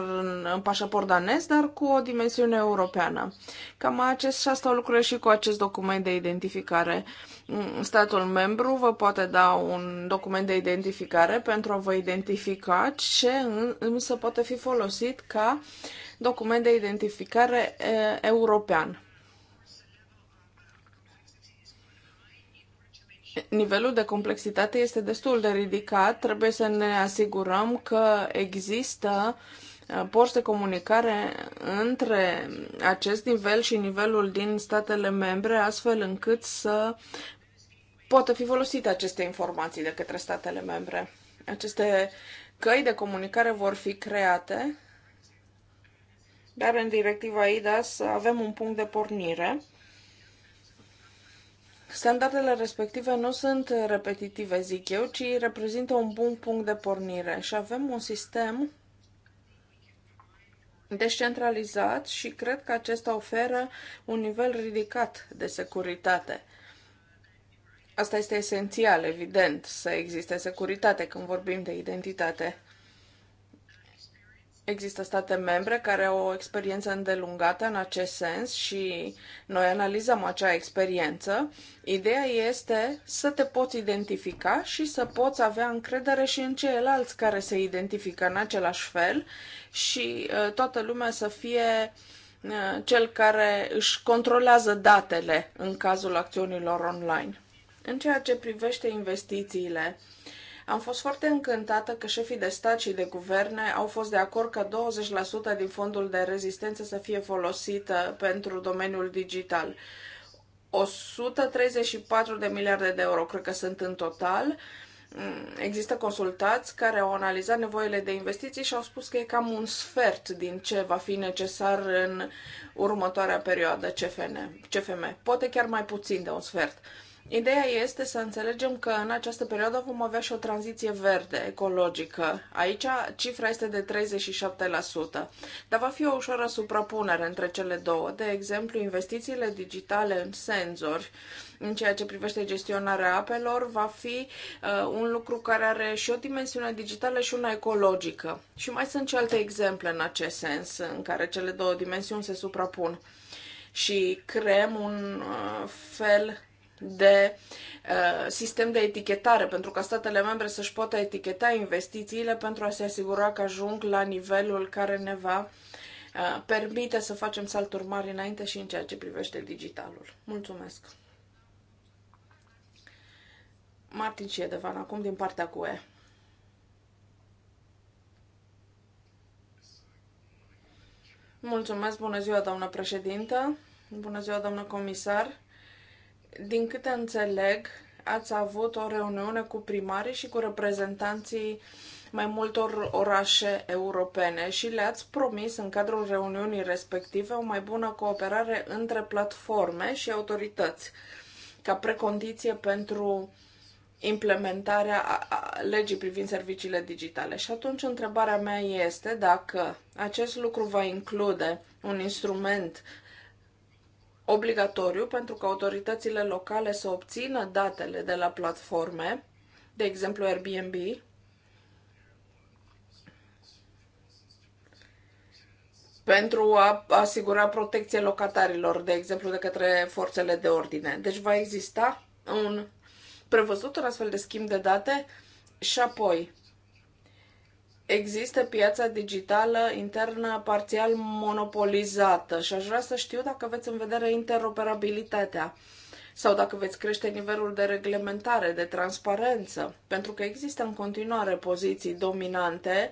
un pașaport danez, dar cu o dimensiune europeană. Cam acest, și asta lucrurile și cu acest document de identificare. Mm, statul membru vă poate da un document de identificare pentru a vă identifica ce însă poate fi folosit ca document de identificare european. nivelul de complexitate este destul de ridicat. Trebuie să ne asigurăm că există uh, porți de comunicare între acest nivel și nivelul din statele membre, astfel încât să poată fi folosite aceste informații de către statele membre. Aceste căi de comunicare vor fi create, dar în directiva IDAS avem un punct de pornire Standardele respective nu sunt repetitive, zic eu, ci reprezintă un bun punct de pornire și avem un sistem descentralizat și cred că acesta oferă un nivel ridicat de securitate. Asta este esențial, evident, să existe securitate când vorbim de identitate. Există state membre care au o experiență îndelungată în acest sens și noi analizăm acea experiență. Ideea este să te poți identifica și să poți avea încredere și în ceilalți care se identifică în același fel și uh, toată lumea să fie uh, cel care își controlează datele în cazul acțiunilor online. În ceea ce privește investițiile, uh, am fost foarte încântată că șefii de stat și de guverne au fost de acord că 20% din fondul de rezistență să fie folosită pentru domeniul digital. 134 de miliarde de euro, cred că sunt în total. Mm, există consultați care au analizat nevoile de investiții și au spus că e cam un sfert din ce va fi necesar în următoarea perioadă CFN, CFM. Poate chiar mai puțin de un sfert. Uh, Ideea este să înțelegem că în această perioadă vom avea și o tranziție verde, ecologică. Aici cifra este de 37%, dar va fi o ușoară suprapunere între cele două. De exemplu, investițiile digitale în senzori, în ceea ce privește gestionarea apelor, va fi uh, un lucru care are și o dimensiune digitală și una ecologică. Și mai sunt și alte exemple în acest sens, în care cele două dimensiuni se suprapun. Și creăm un uh, fel de uh, sistem de etichetare, pentru ca statele membre să-și poată eticheta investițiile pentru a se asigura că ajung la nivelul care ne va uh, permite să facem salturi mari înainte și în ceea ce privește digitalul. Mulțumesc! Martin Edevan, acum din partea E. Mulțumesc, bună ziua, doamnă președintă, bună ziua, doamnă comisar. Din câte înțeleg, ați avut o reuniune cu primarii și cu reprezentanții mai multor orașe europene și le-ați promis în cadrul reuniunii respective o mai bună cooperare între platforme și autorități ca precondiție pentru implementarea legii privind serviciile digitale. Și atunci întrebarea mea este dacă acest lucru va include un instrument obligatoriu pentru că autoritățile locale să obțină datele de la platforme, de exemplu Airbnb, pentru a asigura protecție locatarilor, de exemplu, de către forțele de ordine. Deci va exista un prevăzut un astfel de schimb de date și apoi există piața digitală internă parțial monopolizată și aș vrea să știu dacă aveți în vedere interoperabilitatea sau dacă veți crește nivelul de reglementare, de transparență, pentru că există în continuare poziții dominante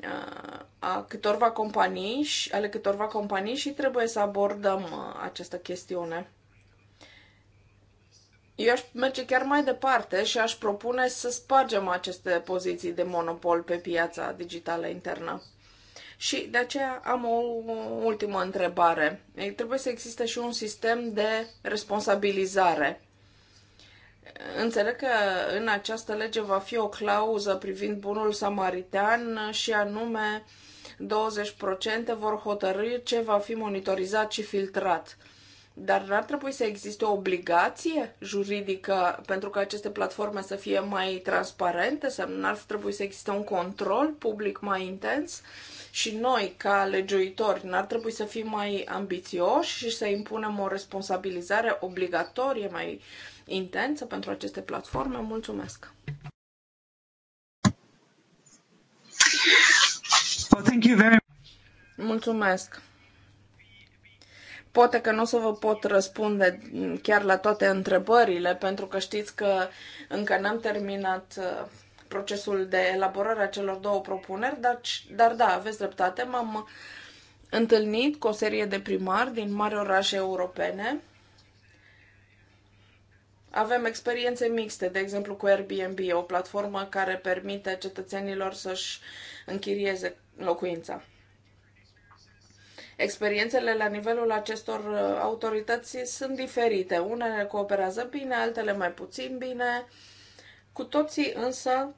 uh, a câtorva companii, ale câtorva companii și trebuie să abordăm uh, această chestiune. Eu aș merge chiar mai departe și aș propune să spargem aceste poziții de monopol pe piața digitală internă. Și de aceea am o ultimă întrebare. Trebuie să existe și un sistem de responsabilizare. Înțeleg că în această lege va fi o clauză privind bunul samaritan și anume 20% vor hotărâi ce va fi monitorizat și filtrat. Dar n-ar trebui să existe o obligație juridică pentru ca aceste platforme să fie mai transparente? să n-ar trebui să existe un control public mai intens? Și noi, ca legiuitori, n-ar trebui să fim mai ambițioși și să impunem o responsabilizare obligatorie mai intensă pentru aceste platforme? Mulțumesc! Well, thank you very much. Mulțumesc! Poate că nu o să vă pot răspunde chiar la toate întrebările, pentru că știți că încă n-am terminat uh, procesul de elaborare a celor două propuneri, dar, dar da, aveți dreptate, m-am întâlnit cu o serie de primari din mari orașe europene. Avem experiențe mixte, de exemplu cu Airbnb, o platformă care permite cetățenilor să-și închirieze locuința. Experiențele la nivelul acestor uh, autorități sunt diferite. Unele cooperează bine, altele mai puțin bine. Cu toții însă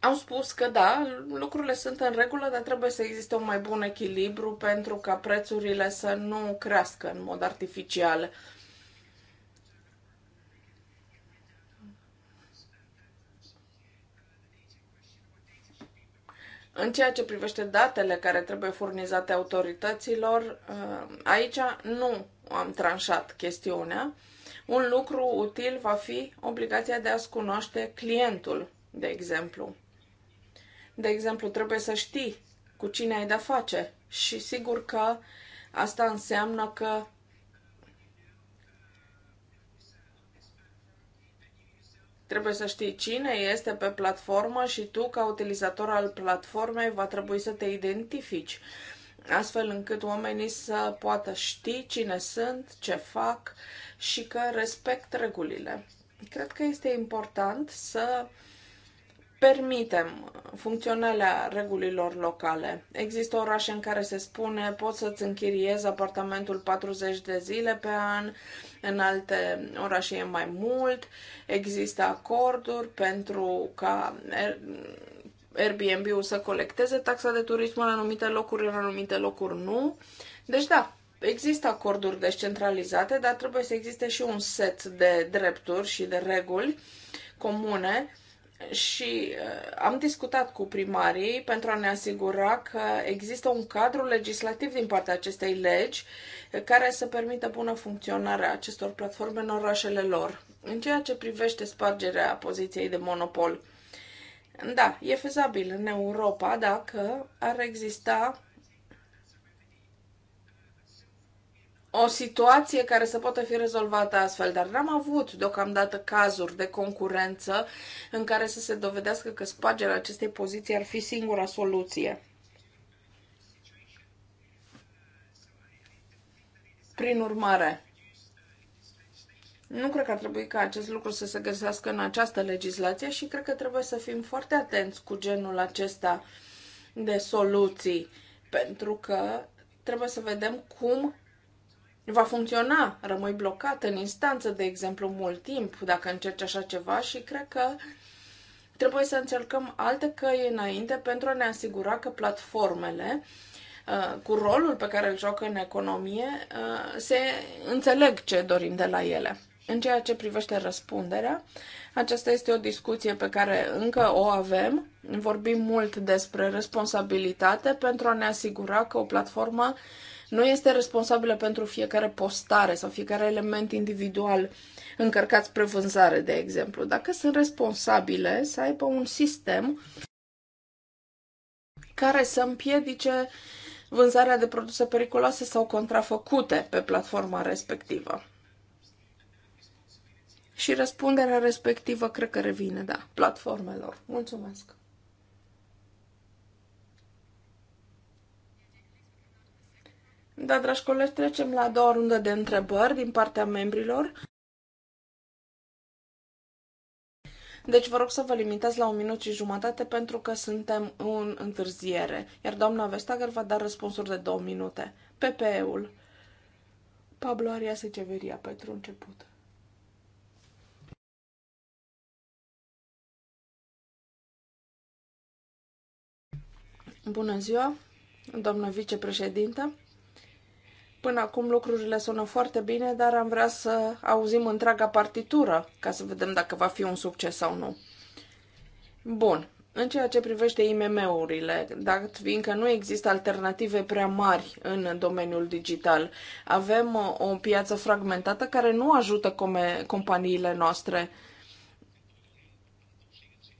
au spus că da, lucrurile sunt în regulă, dar trebuie să existe un mai bun echilibru pentru ca prețurile să nu crească în mod artificial. În ceea ce privește datele care trebuie furnizate autorităților, uh, aici nu am tranșat chestiunea. Un lucru util va fi obligația de a-ți cunoaște clientul, de exemplu. De exemplu, trebuie să știi cu cine ai de-a face și sigur că asta înseamnă că Trebuie să știi cine este pe platformă și tu, ca utilizator al platformei, va trebui să te identifici, astfel încât oamenii să poată ști cine sunt, ce fac și că respect regulile. Cred că este important să uh, permitem funcționarea regulilor locale. Există orașe în care se spune poți să-ți închiriezi apartamentul 40 de zile pe an, în alte orașe e mai mult, există acorduri pentru ca Airbnb-ul să colecteze taxa de turism în anumite locuri, în anumite locuri nu. Deci da, există acorduri descentralizate, dar trebuie să existe și un set de drepturi și de reguli comune și uh, am discutat cu primarii pentru a ne asigura că există un cadru legislativ din partea acestei legi uh, care să permită bună funcționare acestor platforme în orașele lor. În ceea ce privește spargerea poziției de monopol, da, e fezabil în Europa dacă ar exista o situație care să poată fi rezolvată astfel, dar n-am avut deocamdată cazuri de concurență în care să se dovedească că spargerea acestei poziții ar fi singura soluție. Prin urmare, nu cred că ar trebui ca acest lucru să se găsească în această legislație și cred că trebuie să fim foarte atenți cu genul acesta de soluții, pentru că trebuie să vedem cum va funcționa. Rămâi blocat în instanță, de exemplu, mult timp dacă încerci așa ceva și cred că trebuie să încercăm alte căi înainte pentru a ne asigura că platformele uh, cu rolul pe care îl joacă în economie, uh, se înțeleg ce dorim de la ele. În ceea ce privește răspunderea, aceasta este o discuție pe care încă o avem. Vorbim mult despre responsabilitate pentru a ne asigura că o platformă nu este responsabilă pentru fiecare postare sau fiecare element individual încărcat spre vânzare, de exemplu. Dacă sunt responsabile, să aibă un sistem care să împiedice vânzarea de produse periculoase sau contrafăcute pe platforma respectivă. Și răspunderea respectivă cred că revine, da, platformelor. Mulțumesc! Da, dragi colegi, trecem la a doua rundă de întrebări din partea membrilor. Deci vă rog să vă limitați la un minut și jumătate pentru că suntem în întârziere, iar doamna Vestager va da răspunsuri de două minute. PPE-ul. Pablo Arias Ceveria pentru început. Bună ziua, doamnă vicepreședintă. Până acum lucrurile sună foarte bine, dar am vrea să auzim întreaga partitură ca să vedem dacă va fi un succes sau nu. Bun. În ceea ce privește IMM-urile, dat fiindcă nu există alternative prea mari în domeniul digital, avem uh, o piață fragmentată care nu ajută companiile noastre.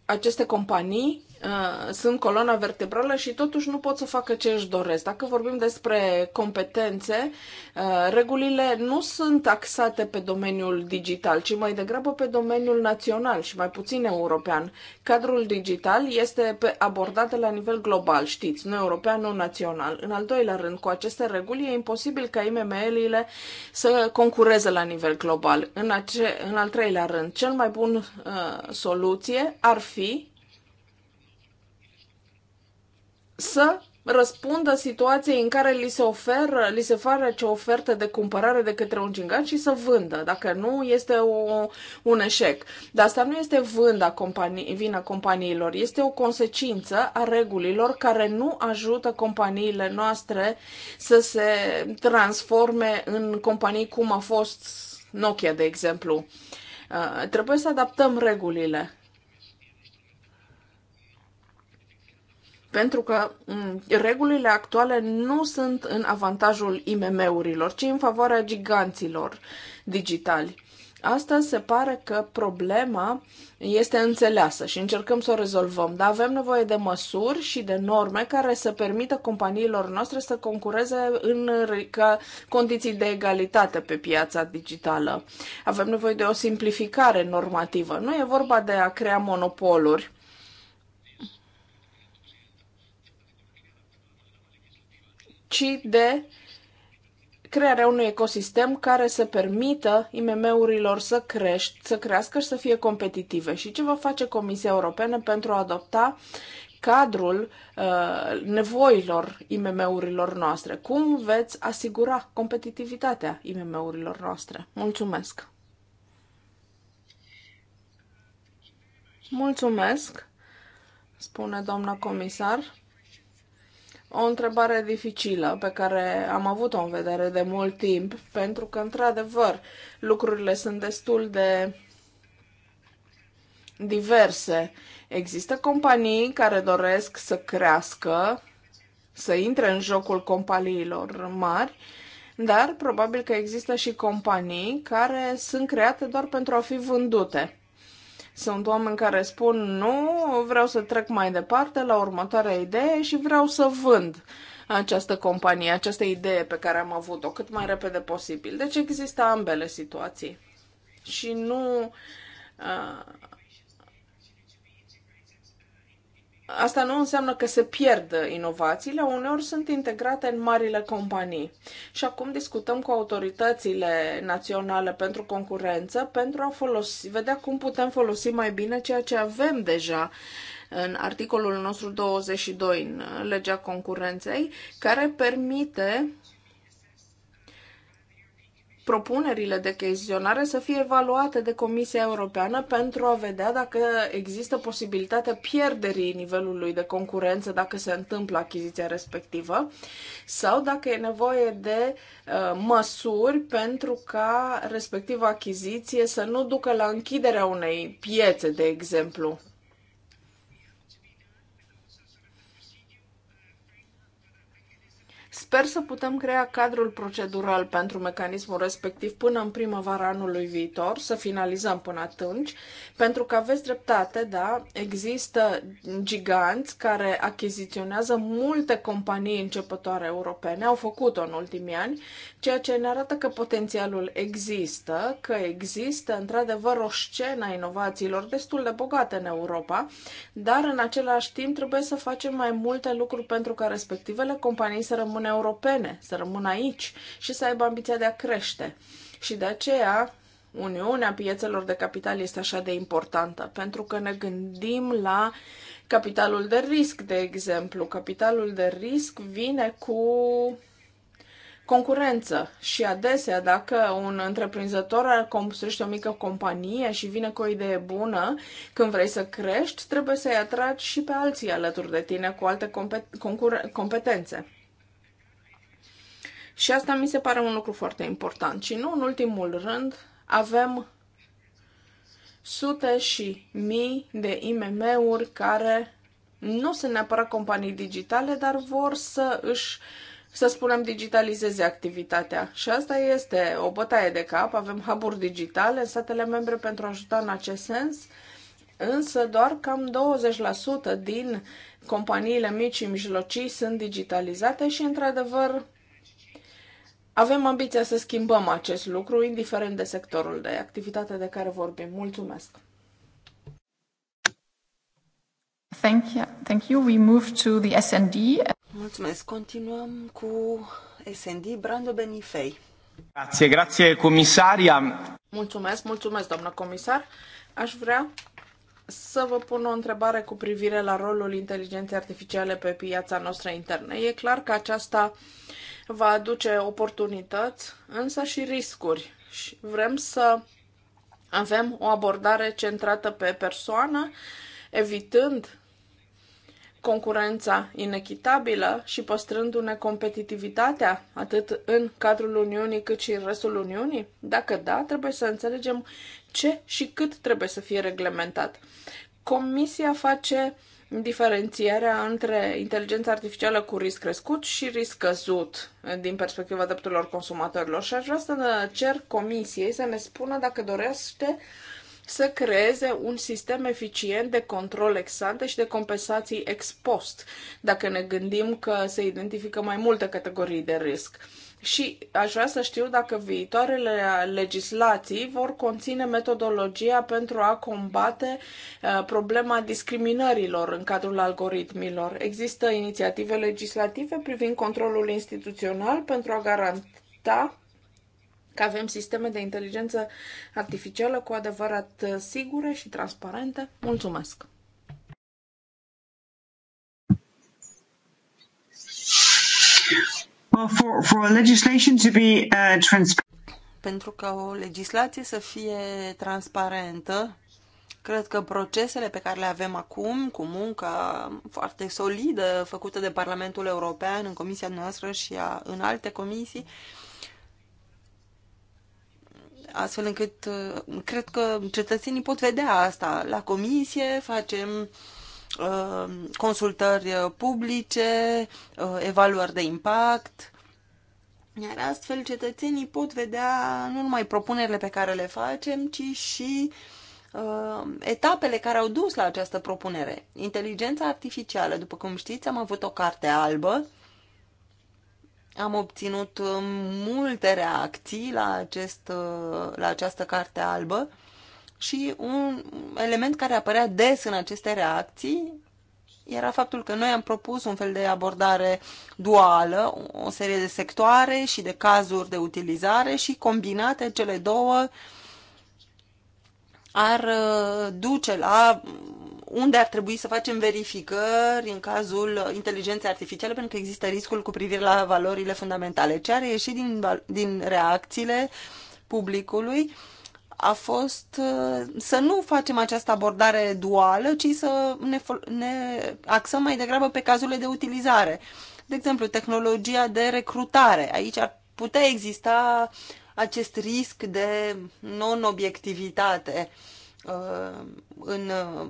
Aceste companii Uh, sunt coloana vertebrală și totuși nu pot să facă ce își doresc. Dacă vorbim despre competențe, uh, regulile nu sunt axate pe domeniul digital, ci mai degrabă pe domeniul național și mai puțin european. Cadrul digital este abordat la nivel global, știți, nu european, nu național. În al doilea rând, cu aceste reguli e imposibil ca IMM-urile să concureze la nivel global. În, ace- în al treilea rând, cel mai bun uh, soluție ar fi să răspundă situației în care li se oferă, li se face o ofertă de cumpărare de către un gingan și să vândă. Dacă nu, este o, un eșec. Dar asta nu este vânda companii, vina companiilor, este o consecință a regulilor care nu ajută companiile noastre să se transforme în companii cum a fost Nokia, de exemplu. Uh, trebuie să adaptăm regulile pentru că mm, regulile actuale nu sunt în avantajul IMM-urilor, ci în favoarea giganților digitali. Astăzi se pare că problema este înțeleasă și încercăm să o rezolvăm, dar avem nevoie de măsuri și de norme care să permită companiilor noastre să concureze în condiții de egalitate pe piața digitală. Avem nevoie de o simplificare normativă. Nu e vorba de a crea monopoluri ci de crearea unui ecosistem care să permită IMM-urilor să, crești, să crească și să fie competitive. Și ce va face Comisia Europeană pentru a adopta cadrul uh, nevoilor IMM-urilor noastre? Cum veți asigura competitivitatea IMM-urilor noastre? Mulțumesc! Mulțumesc, spune doamna comisar o întrebare dificilă pe care am avut-o în vedere de mult timp, pentru că, într-adevăr, lucrurile sunt destul de diverse. Există companii care doresc să crească, să intre în jocul companiilor mari, dar probabil că există și companii care sunt create doar pentru a fi vândute. Sunt oameni care spun nu, vreau să trec mai departe la următoarea idee și vreau să vând această companie, această idee pe care am avut-o cât mai repede posibil. Deci există ambele situații. Și nu Asta nu înseamnă că se pierd inovațiile, uneori sunt integrate în marile companii. Și acum discutăm cu autoritățile naționale pentru concurență pentru a folosi, vedea cum putem folosi mai bine ceea ce avem deja în articolul nostru 22 în legea concurenței, care permite propunerile de chestionare să fie evaluate de Comisia Europeană pentru a vedea dacă există posibilitatea pierderii nivelului de concurență dacă se întâmplă achiziția respectivă sau dacă e nevoie de uh, măsuri pentru ca respectiva achiziție să nu ducă la închiderea unei piețe, de exemplu. Sper să putem crea cadrul procedural pentru mecanismul respectiv până în primăvara anului viitor, să finalizăm până atunci, pentru că aveți dreptate, da, există giganți care achiziționează multe companii începătoare europene, au făcut-o în ultimii ani, ceea ce ne arată că potențialul există, că există într-adevăr o scenă a inovațiilor destul de bogată în Europa, dar în același timp trebuie să facem mai multe lucruri pentru ca respectivele companii să rămână Europene, să rămână aici și să aibă ambiția de a crește. Și de aceea Uniunea piețelor de capital este așa de importantă, pentru că ne gândim la capitalul de risc, de exemplu. Capitalul de risc vine cu concurență și adesea dacă un întreprinzător construiește o mică companie și vine cu o idee bună, când vrei să crești, trebuie să-i atragi și pe alții alături de tine cu alte compet- concur- competențe. Și asta mi se pare un lucru foarte important. Și nu în ultimul rând, avem sute și mii de IMM-uri care nu sunt neapărat companii digitale, dar vor să își să spunem, digitalizeze activitatea. Și asta este o bătaie de cap. Avem hub digitale în statele membre pentru a ajuta în acest sens, însă doar cam 20% din companiile mici și mijlocii sunt digitalizate și, într-adevăr, avem ambiția să schimbăm acest lucru, indiferent de sectorul de activitate de care vorbim. Mulțumesc! Thank you. Thank you. We move to the SND. Mulțumesc. Continuăm cu SND Brando Benifei. Grazie, grazie comisaria. Mulțumesc, mulțumesc, doamnă comisar. Aș vrea să vă pun o întrebare cu privire la rolul inteligenței artificiale pe piața noastră internă. E clar că aceasta uh, va aduce oportunități, însă și riscuri. Și vrem să avem o abordare centrată pe persoană, evitând concurența inechitabilă și păstrându-ne competitivitatea atât în cadrul Uniunii cât și în restul Uniunii? Dacă da, trebuie să înțelegem ce și cât trebuie să fie reglementat. Comisia face uh, diferențierea între inteligența artificială cu risc crescut și risc căzut din perspectiva drepturilor consumatorilor și aș vrea să cer comisiei să ne spună dacă dorește să creeze un sistem eficient de control ex ante și de compensații ex post, dacă ne gândim că se identifică mai multe categorii de risc. Și aș vrea să știu dacă viitoarele legislații vor conține metodologia pentru a combate uh, problema discriminărilor în cadrul algoritmilor. Există inițiative legislative privind controlul instituțional pentru a garanta că avem sisteme de inteligență artificială cu adevărat uh, sigure și transparente. Mulțumesc! Uh, Pentru ca o legislație să fie transparentă, cred că procesele pe care le avem acum, cu munca foarte solidă făcută de Parlamentul European în comisia noastră și a, în alte comisii, astfel încât uh, cred că cetățenii pot vedea asta. La comisie facem uh, Uh, consultări uh, publice, uh, evaluări de impact, iar astfel cetățenii pot vedea nu numai propunerile pe care le facem, ci și uh, etapele care au dus la această propunere. Inteligența artificială, după cum știți, am avut o carte albă, am obținut multe reacții la, acest, la această carte albă și un element care apărea des în aceste reacții era faptul că noi am propus un fel de abordare duală, o serie de sectoare și de cazuri de utilizare și combinate cele două ar uh, duce la unde ar trebui să facem verificări în cazul inteligenței artificiale, pentru că există riscul cu privire la valorile fundamentale. Ce are ieșit din, din reacțiile publicului a fost uh, să nu facem această abordare duală, ci să ne, ne axăm mai degrabă pe cazurile de utilizare. De exemplu, tehnologia de recrutare. Aici ar putea exista acest risc de non-obiectivitate uh, în, uh,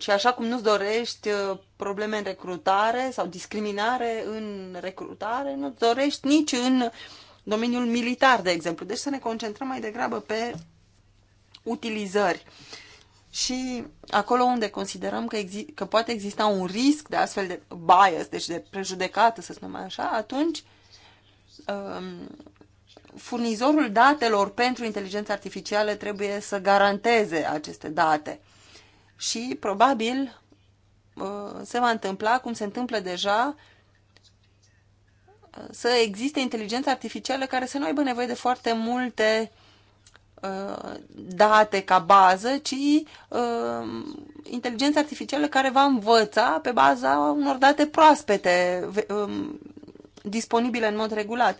și așa cum nu-ți dorești probleme în recrutare sau discriminare în recrutare, nu-ți dorești nici în domeniul militar, de exemplu. Deci să ne concentrăm mai degrabă pe utilizări. Și acolo unde considerăm că, exi- că poate exista un risc de astfel de bias, deci de prejudecată, să spunem așa, atunci um, furnizorul datelor pentru inteligența artificială trebuie să garanteze aceste date. Și probabil uh, se va întâmpla, cum se întâmplă deja, să existe inteligența artificială care să nu aibă nevoie de foarte multe Uh, date ca bază, ci uh, inteligența artificială care va învăța pe baza unor date proaspete uh, disponibile în mod regulat.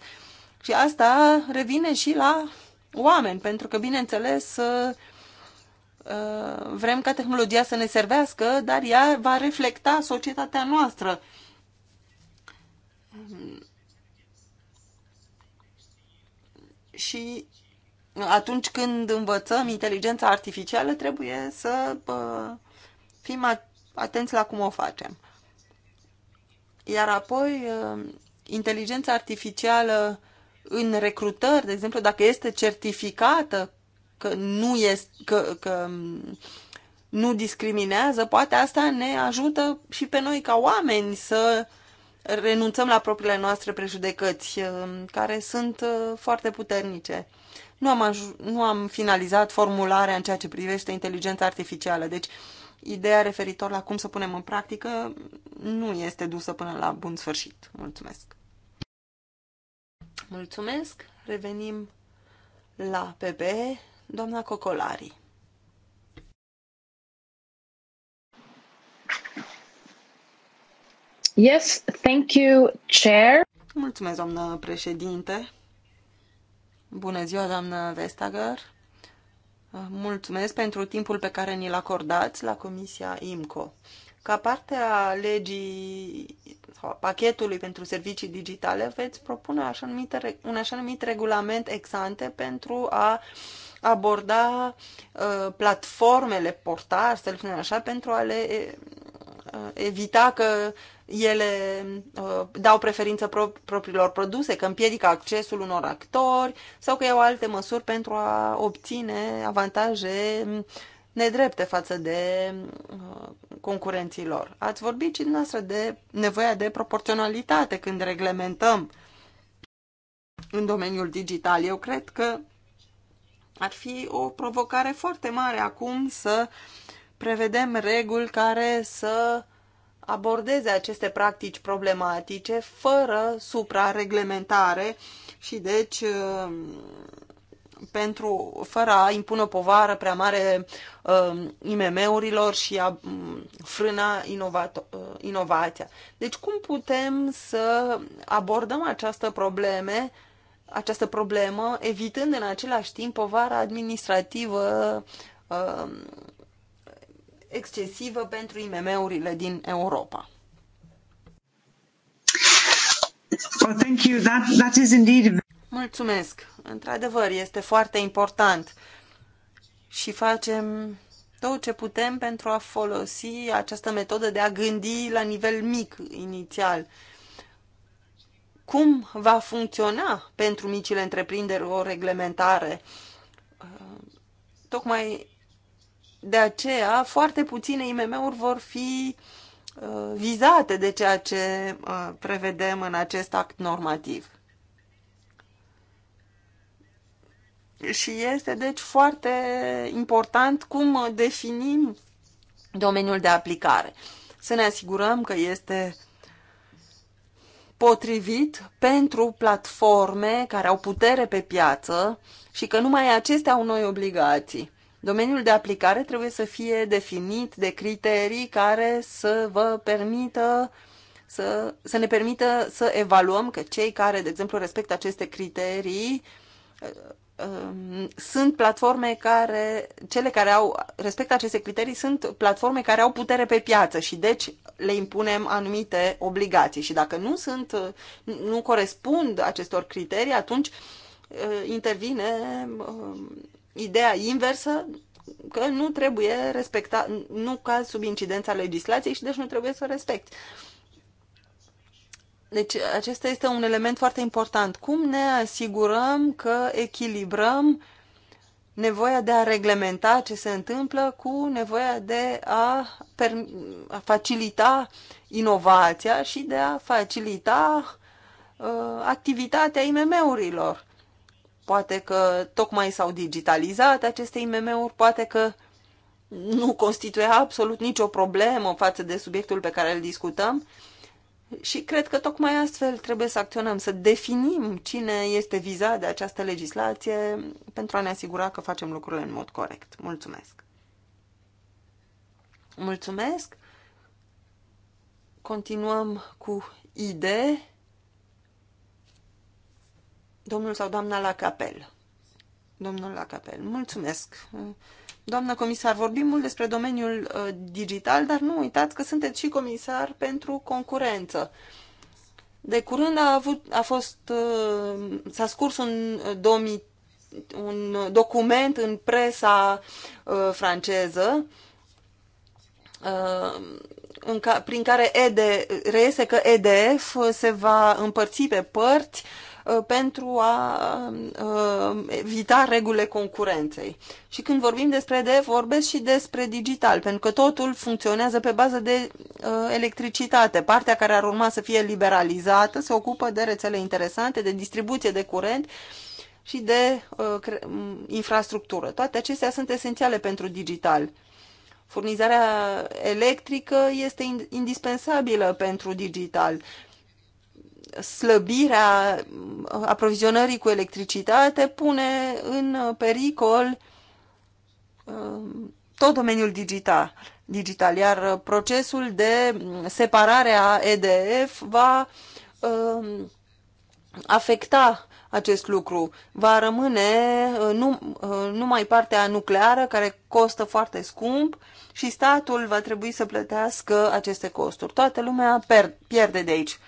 Și asta revine și la oameni, pentru că, bineînțeles, uh, vrem ca tehnologia să ne servească, dar ea va reflecta societatea noastră. Și atunci când învățăm inteligența artificială, trebuie să fim atenți la cum o facem. Iar apoi, ă, inteligența artificială în recrutări, de exemplu, dacă este certificată că nu, este, că, că nu discriminează, poate asta ne ajută și pe noi ca oameni să renunțăm la propriile noastre prejudecăți, ă, care sunt ă, foarte puternice nu am, nu am finalizat formularea în ceea ce privește inteligența artificială. Deci, ideea referitor la cum să punem în practică nu este dusă până la bun sfârșit. Mulțumesc! Mulțumesc! Revenim la PP, doamna Cocolari. Yes, thank you, Chair. Mulțumesc, doamnă președinte. Bună ziua, doamnă Vestager. Mulțumesc pentru timpul pe care ni-l acordați la Comisia IMCO. Ca parte a legii sau pachetului pentru servicii digitale, veți propune așa numite, un așa numit regulament exante pentru a aborda uh, platformele portar, să le spunem așa, pentru a le Uh, evita că ele uh, dau preferință pro propriilor produse, că împiedică accesul unor actori sau că iau alte măsuri pentru a obține avantaje nedrepte față de uh, concurenții lor. Ați vorbit și dumneavoastră de nevoia de proporționalitate când reglementăm în domeniul digital. Eu cred că ar fi o provocare foarte mare acum să uh, prevedem reguli care să abordeze aceste practici problematice fără suprareglementare și deci uh, pentru, fără a impune o povară prea mare uh, IMM-urilor și a um, frâna inovato- uh, inovația. Deci cum putem să abordăm această probleme, această problemă, evitând în același timp povara administrativă uh, excesivă pentru IMM-urile din Europa. Well, thank you. That, that is indeed... Mulțumesc. Într-adevăr, este foarte important și facem tot ce putem pentru a folosi această metodă de a gândi la nivel mic inițial. Cum va funcționa pentru micile întreprinderi o reglementare? Tocmai de aceea, foarte puține IMM-uri vor fi uh, vizate de ceea ce uh, prevedem în acest act normativ. Și este, deci, foarte important cum uh, definim domeniul de aplicare. Să ne asigurăm că este potrivit pentru platforme care au putere pe piață și că numai acestea au noi obligații. Domeniul de aplicare trebuie să fie definit de criterii care să vă permită să, să ne permită să evaluăm că cei care, de exemplu, respectă aceste criterii uh, um, sunt platforme care, cele care au, respectă aceste criterii, sunt platforme care au putere pe piață și deci le impunem anumite obligații și dacă nu sunt, nu corespund acestor criterii, atunci uh, intervine uh, ideea inversă că nu trebuie respecta, nu ca sub incidența legislației și deci nu trebuie să respecti. Deci acesta este un element foarte important. Cum ne asigurăm că echilibrăm nevoia de a reglementa ce se întâmplă cu nevoia de a, a facilita inovația și de a facilita uh, activitatea IMM-urilor. Poate că tocmai s-au digitalizat aceste IMM-uri, poate că nu constituie absolut nicio problemă față de subiectul pe care îl discutăm. Și cred că tocmai astfel trebuie să acționăm, să definim cine este vizat de această legislație pentru a ne asigura că facem lucrurile în mod corect. Mulțumesc! Mulțumesc! Continuăm cu idei. Domnul sau doamna la capel. Domnul la capel. Mulțumesc. Doamna comisar, vorbim mult despre domeniul uh, digital, dar nu uitați că sunteți și comisar pentru concurență. De curând a, avut, a fost, uh, s-a scurs un, uh, un document în presa franceză în ca, prin care ED, reiese că EDF se va împărți pe părți uh, Uh, pentru a uh, evita regulile concurenței. Și când vorbim despre de, vorbesc și despre digital, pentru că totul funcționează pe bază de uh, electricitate. Partea care ar urma să fie liberalizată se ocupă de rețele interesante, de distribuție de curent, și de infrastructură. Toate acestea sunt esențiale pentru digital. Furnizarea electrică este indispensabilă pentru digital slăbirea mm, aprovizionării cu electricitate pune în uh, pericol um, tot domeniul digital, digital iar uh, procesul de mm, separare a EDF va um, afecta acest lucru. Va rămâne uh, nu, numai partea nucleară, care costă foarte scump, și statul va trebui să plătească aceste costuri. Toată lumea pierde de aici.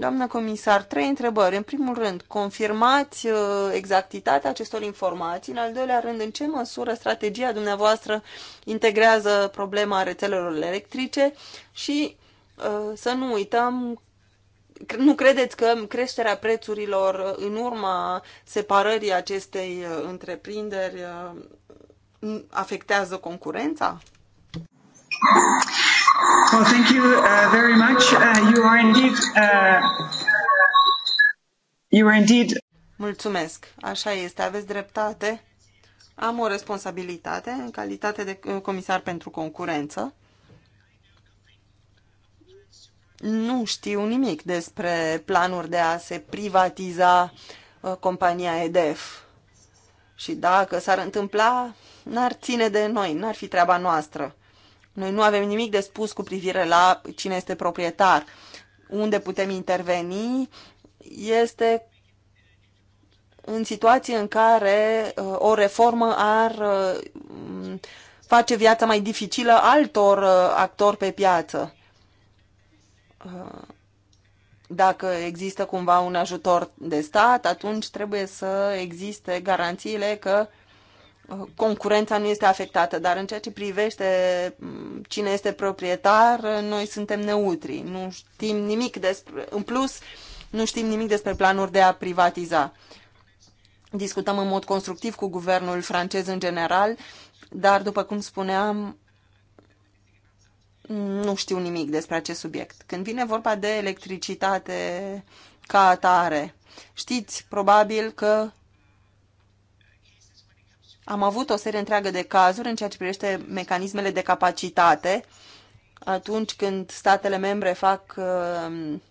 Doamnă comisar, trei întrebări. În primul rând, confirmați uh, exactitatea acestor informații. În al doilea rând, în ce măsură strategia dumneavoastră integrează problema rețelelor electrice și uh, să nu uităm nu credeți că creșterea prețurilor în urma separării acestei uh, întreprinderi afectează concurența? Well, thank you uh, very much. Uh, you are indeed, uh, you are indeed. Mulțumesc. Așa este. Aveți dreptate. Am o responsabilitate în calitate de uh, comisar pentru concurență. Nu știu nimic despre planuri de a se privatiza uh, compania EDF. Și dacă s-ar întâmpla, n-ar ține de noi, n-ar fi treaba noastră. Noi nu avem nimic de spus cu privire la cine este proprietar. Unde putem interveni este în situații în care uh, o reformă ar uh, face viața mai dificilă altor uh, actori pe piață. Dacă există cumva un ajutor de stat, atunci trebuie să existe garanțiile că concurența nu este afectată, dar în ceea ce privește mm, cine este proprietar, noi suntem neutri. Nu știm nimic despre, în plus, nu știm nimic despre planuri de a privatiza. Discutăm în mod constructiv cu guvernul francez în general, dar, după cum spuneam, nu știu nimic despre acest subiect. Când vine vorba de electricitate ca atare, știți probabil că am avut o serie întreagă de cazuri în ceea ce privește mecanismele de capacitate atunci când statele membre fac um,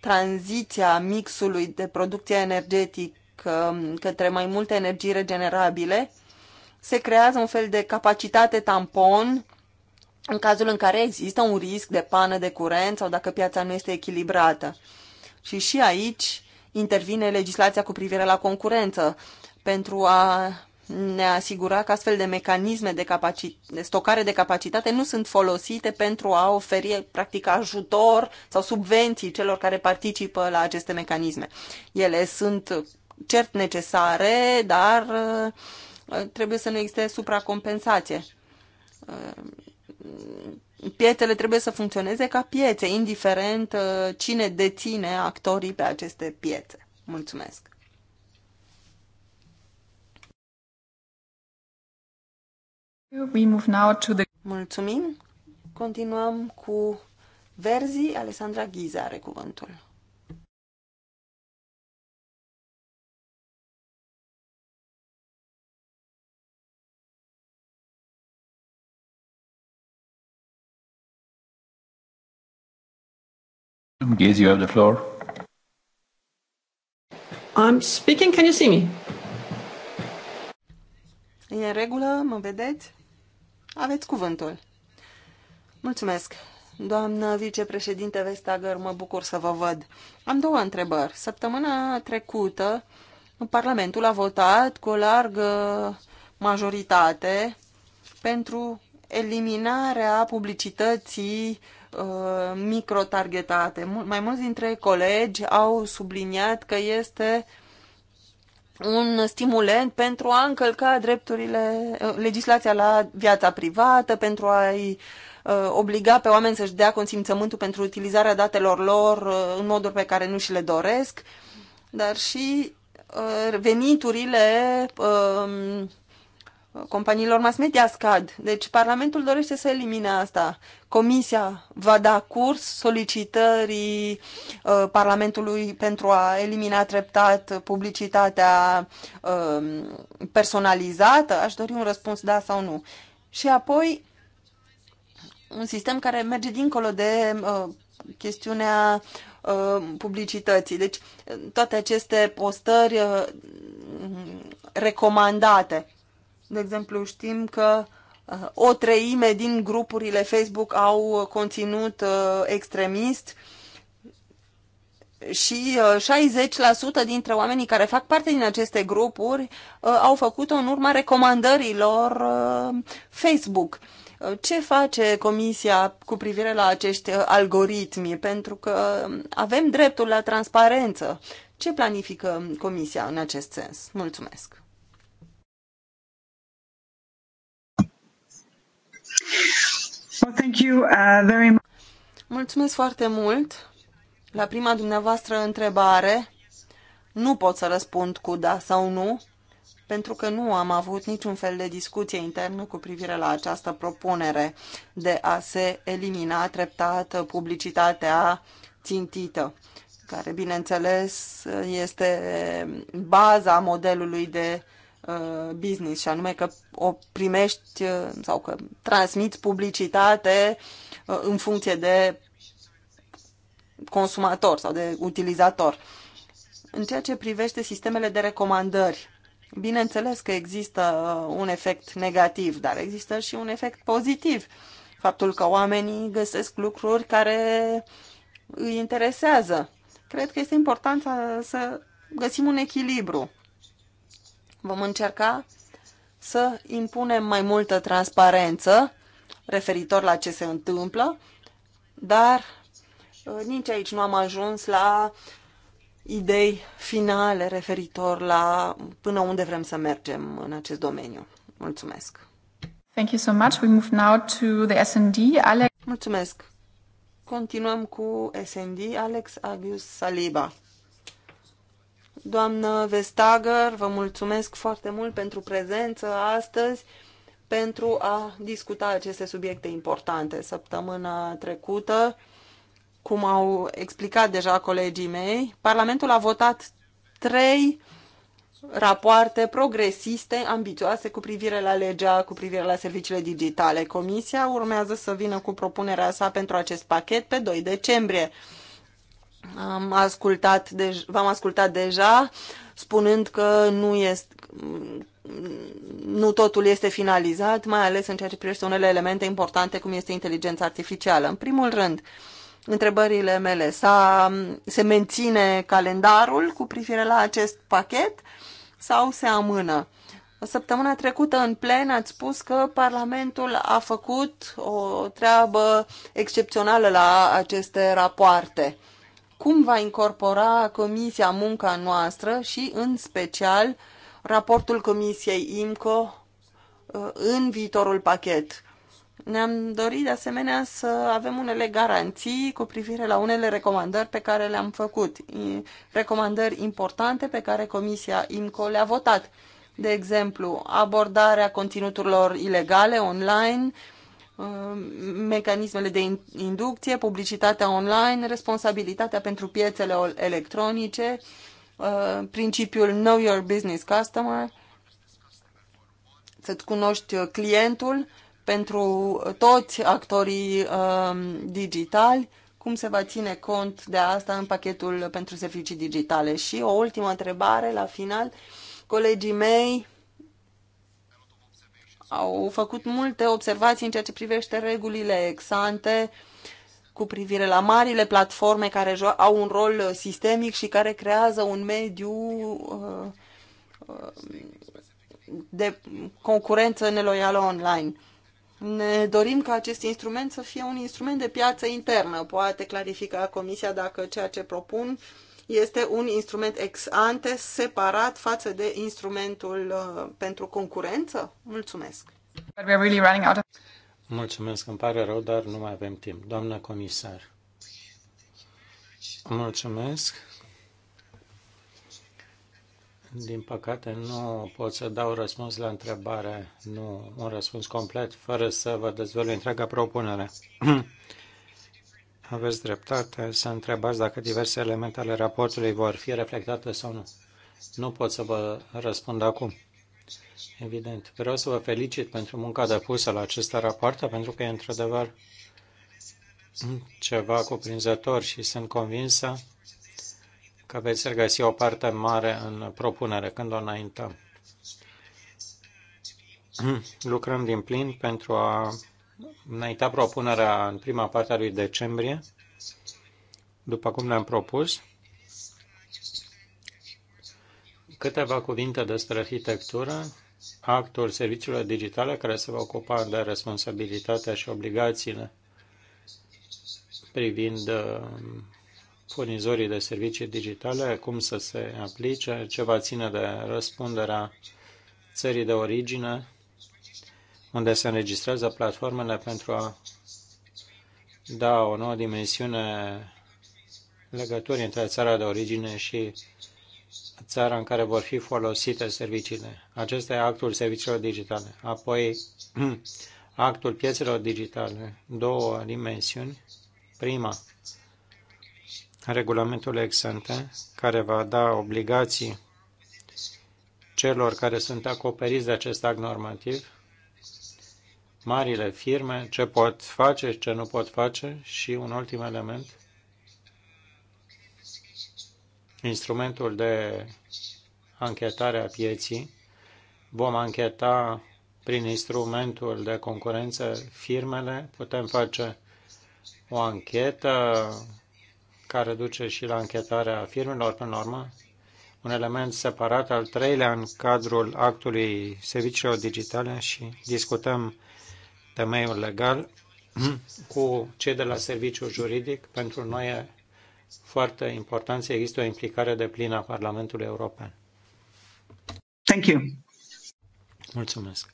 tranziția mixului de producție energetic um, către mai multe energii regenerabile, se creează un fel de capacitate tampon în cazul în care există un risc de pană de curent sau dacă piața nu este echilibrată. Și și aici intervine legislația cu privire la concurență pentru a ne asigura că astfel de mecanisme de, de stocare de capacitate nu sunt folosite pentru a oferi, practic, ajutor sau subvenții celor care participă la aceste mecanisme. Ele sunt cert necesare, dar uh, trebuie să nu existe supracompensație. Uh, piețele trebuie să funcționeze ca piețe, indiferent uh, cine deține actorii pe aceste piețe. Mulțumesc! We move now to the... Mulțumim. Continuăm cu Verzi. Alessandra Ghiza are cuvântul. Ghiza, you have the floor. I'm speaking. Can you see me? E în regulă? Mă vedeți? Aveți cuvântul. Mulțumesc. Doamnă vicepreședinte Vestager, mă bucur să vă văd. Am două întrebări. Săptămâna trecută, Parlamentul a votat cu o largă majoritate pentru eliminarea publicității uh, microtargetate. Mai mulți dintre colegi au subliniat că este un stimulent pentru a încălca drepturile, uh, legislația la viața privată, pentru a-i uh, obliga pe oameni să-și dea consimțământul pentru utilizarea datelor lor uh, în moduri pe care nu și le doresc, dar și veniturile um, companiilor mass media scad. Deci Parlamentul dorește să elimine asta. Comisia va da curs solicitării uh, Parlamentului pentru a elimina treptat publicitatea uh, personalizată. Aș dori un răspuns da sau nu. Și apoi un sistem care merge dincolo de uh, chestiunea uh, publicității. Deci toate aceste postări uh, recomandate de exemplu, știm că uh, o treime din grupurile Facebook au uh, conținut uh, extremist și 60% dintre oamenii care fac parte din aceste grupuri au făcut-o în urma recomandărilor Facebook. Ce face Comisia cu privire la acești algoritmi? Pentru că um, avem dreptul la transparență. Ce planifică Comisia în acest sens? Mulțumesc! Well, thank you, uh, very Mulțumesc foarte mult. La prima dumneavoastră întrebare, nu pot să răspund cu da sau nu, pentru că nu am avut niciun fel de discuție internă cu privire la această propunere de a se elimina treptat publicitatea țintită, care, bineînțeles, este baza modelului de Uh, business și anume că o primești uh, sau că transmiți publicitate uh, în funcție de consumator sau de utilizator. În ceea ce privește sistemele de recomandări, bineînțeles că există un efect negativ, dar există și un efect pozitiv. Faptul că oamenii găsesc lucruri care îi interesează. Cred că este important să, să găsim un echilibru. Vom încerca să impunem mai multă transparență referitor la ce se întâmplă, dar uh, nici aici nu am ajuns la idei finale referitor la până unde vrem să mergem în acest domeniu. Mulțumesc! Thank you so much. We move now to the S&D. Alex... Mulțumesc! Continuăm cu S&D Alex Agius Saliba. Doamnă Vestager, vă mulțumesc foarte mult pentru prezență astăzi, pentru a discuta aceste subiecte importante. Săptămâna trecută, cum au explicat deja colegii mei, Parlamentul a votat trei rapoarte progresiste, ambițioase cu privire la legea, cu privire la serviciile digitale. Comisia urmează să vină cu propunerea sa pentru acest pachet pe 2 decembrie. Am ascultat de, v-am ascultat deja spunând că nu, este, nu totul este finalizat, mai ales în ceea ce privește unele elemente importante, cum este inteligența artificială. În primul rând, întrebările mele, s-a, se menține calendarul cu privire la acest pachet sau se amână? Săptămâna trecută în plen ați spus că Parlamentul a făcut o treabă excepțională la aceste rapoarte cum va incorpora Comisia munca noastră și, în special, raportul Comisiei IMCO uh, în viitorul pachet. Ne-am dorit, de asemenea, să avem unele garanții cu privire la unele recomandări pe care le-am făcut, recomandări importante pe care Comisia IMCO le-a votat. De exemplu, abordarea conținuturilor ilegale online, Um, mecanismele de inducție, publicitatea online, responsabilitatea pentru piețele electronice, uh, principiul Know Your Business Customer, să-ți cunoști clientul pentru toți actorii um, digitali, cum se va ține cont de asta în pachetul pentru servicii digitale. Și o ultimă întrebare la final, colegii mei au făcut multe observații în ceea ce privește regulile exante cu privire la marile platforme care au un rol sistemic și care creează un mediu uh, uh, de concurență neloială online. Ne dorim ca acest instrument să fie un instrument de piață internă. Poate clarifica Comisia dacă ceea ce propun este un instrument ex ante separat față de instrumentul uh, pentru concurență? Mulțumesc! Mulțumesc, îmi pare rău, dar nu mai avem timp. Doamna comisar, mulțumesc. Din păcate nu pot să dau răspuns la întrebare, nu un răspuns complet, fără să vă dezvălui întreaga propunere. Aveți dreptate să întrebați dacă diverse elemente ale raportului vor fi reflectate sau nu. Nu pot să vă răspund acum. Evident. Vreau să vă felicit pentru munca depusă la acest raport, pentru că e într-adevăr ceva cuprinzător și sunt convinsă că veți regăsi o parte mare în propunere când o înaintăm. Lucrăm din plin pentru a înainta propunerea în prima parte a lui decembrie, după cum ne-am propus. Câteva cuvinte despre arhitectură, actul serviciilor digitale care se va ocupa de responsabilitatea și obligațiile privind uh, furnizorii de servicii digitale, cum să se aplice, ce va ține de răspunderea țării de origine, unde se înregistrează platformele pentru a da o nouă dimensiune legăturii între țara de origine și țara în care vor fi folosite serviciile. Acesta e actul serviciilor digitale. Apoi, actul piețelor digitale. Două dimensiuni. Prima, regulamentul exante, care va da obligații celor care sunt acoperiți de acest act normativ marile firme, ce pot face și ce nu pot face și un ultim element, instrumentul de anchetare a pieții. Vom ancheta prin instrumentul de concurență firmele, putem face o anchetă care duce și la anchetarea firmelor până la urmă, un element separat al treilea în cadrul actului serviciilor digitale și discutăm temeiul legal cu cei de la serviciu juridic. Pentru noi e foarte important să există o implicare de plină a Parlamentului European. Thank you. Mulțumesc.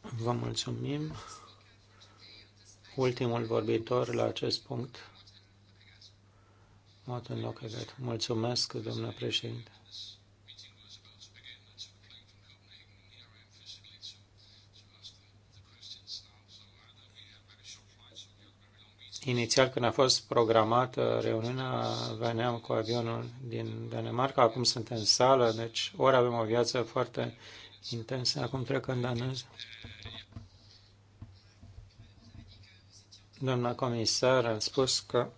Vă mulțumim. Ultimul vorbitor la acest punct. Martin Mulțumesc, domnule președinte. Inițial, când a fost programată reuniunea, veneam cu avionul din Danemarca, acum sunt în sală, deci ori avem o viață foarte intensă, acum trec în daneză. Doamna comisar a spus că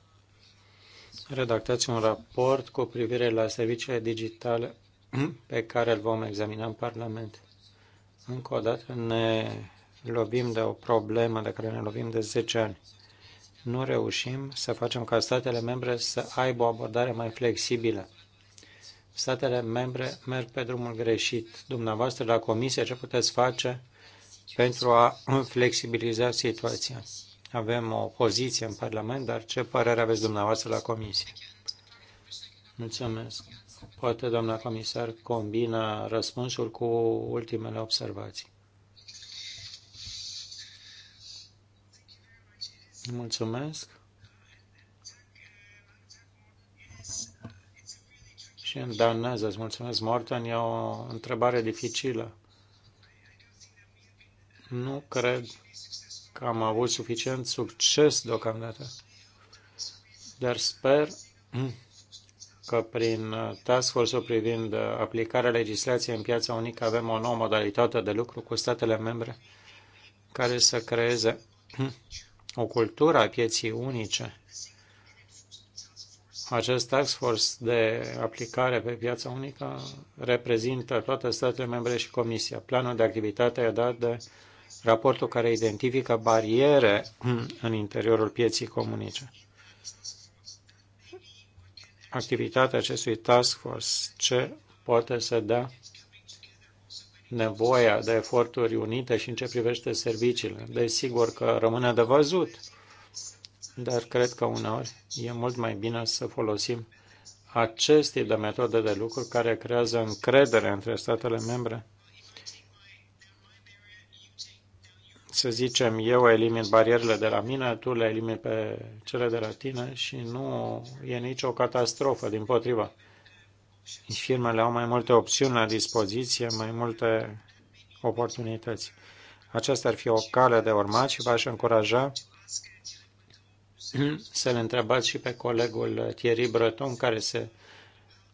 redactați un raport cu privire la serviciile digitale pe care îl vom examina în Parlament. Încă o dată ne lovim de o problemă de care ne lovim de 10 ani nu reușim să facem ca statele membre să aibă o abordare mai flexibilă. Statele membre merg pe drumul greșit. Dumneavoastră, la comisie, ce puteți face pentru a flexibiliza situația? Avem o poziție în Parlament, dar ce părere aveți dumneavoastră la comisie? Mulțumesc. Poate, doamna comisar, combina răspunsul cu ultimele observații. Mulțumesc. Și în daneză, îți mulțumesc, Morten, e o întrebare dificilă. Nu cred că am avut suficient succes deocamdată, dar sper că prin task force-ul privind aplicarea legislației în piața unică avem o nouă modalitate de lucru cu statele membre care să creeze o cultură a pieții unice. Acest tax force de aplicare pe piața unică reprezintă toate statele membre și Comisia. Planul de activitate a dat de raportul care identifică bariere în interiorul pieții comunice. Activitatea acestui task force, ce poate să dea nevoia de eforturi unite și în ce privește serviciile. Desigur că rămâne de văzut, dar cred că uneori e mult mai bine să folosim acest tip de metode de lucru care creează încredere între statele membre. Să zicem, eu elimin barierele de la mine, tu le elimini pe cele de la tine și nu e nicio catastrofă, din potriva firmele au mai multe opțiuni la dispoziție, mai multe oportunități. Aceasta ar fi o cale de urmat și v-aș încuraja să-l întrebați și pe colegul Thierry Breton, care se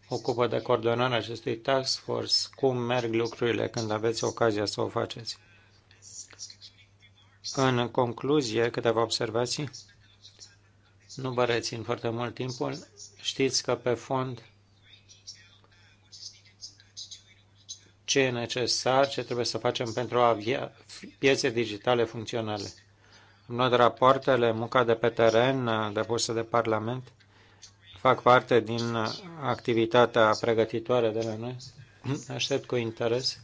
ocupă de coordonarea acestui task force, cum merg lucrurile când aveți ocazia să o faceți. În concluzie, câteva observații. Nu vă rețin foarte mult timpul. Știți că pe fond ce e necesar, ce trebuie să facem pentru a avea piețe digitale funcționale. În mod rapoartele, munca de pe teren uh, depusă de Parlament fac parte din uh, activitatea pregătitoare de la noi. Aștept cu interes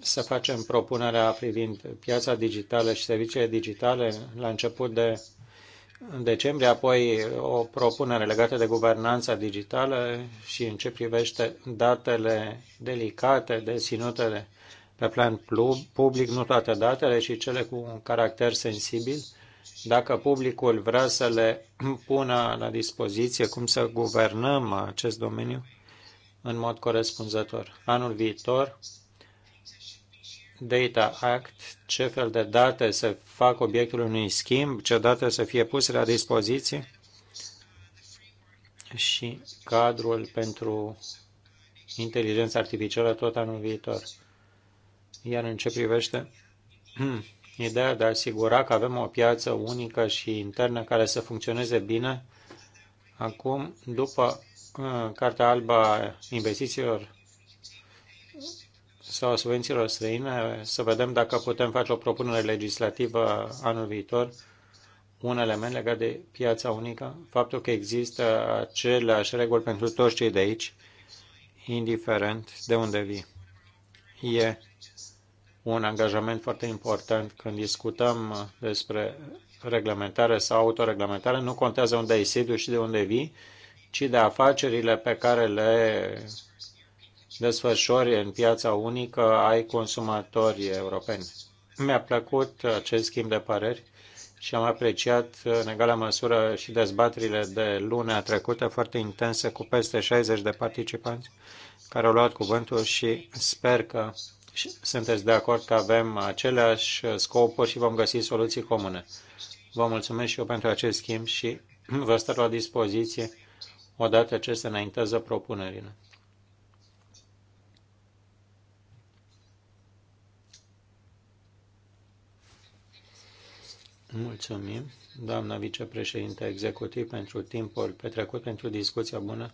să facem propunerea privind piața digitală și serviciile digitale la început de în decembrie, apoi o propunere legată de guvernanța digitală și în ce privește datele delicate, deținute pe plan public, nu toate datele, și cele cu un caracter sensibil, dacă publicul vrea să le pună la dispoziție, cum să guvernăm acest domeniu în mod corespunzător. Anul viitor Data Act, ce fel de date să fac obiectul unui schimb, ce date să fie puse la dispoziție și cadrul pentru inteligența artificială tot anul viitor. Iar în ce privește ideea de a asigura că avem o piață unică și internă care să funcționeze bine, acum, după uh, Cartea Albă a Investițiilor, sau a subvențiilor străine, să vedem dacă putem face o propunere legislativă anul viitor, un element legat de piața unică, faptul că există aceleași reguli pentru toți cei de aici, indiferent de unde vii. E un angajament foarte important când discutăm despre reglementare sau autoreglementare. Nu contează unde ai sediu și de unde vii, ci de afacerile pe care le desfășori în piața unică ai consumatorii europeni. Mi-a plăcut acest schimb de păreri și am apreciat în egală măsură și dezbaterile de lunea trecută foarte intense cu peste 60 de participanți care au luat cuvântul și sper că sunteți de acord că avem aceleași scopuri și vom găsi soluții comune. Vă mulțumesc și eu pentru acest schimb și vă stau la dispoziție odată ce se înaintează propunerile. Mulțumim, doamna vicepreședinte executiv, pentru timpul petrecut, pentru discuția bună.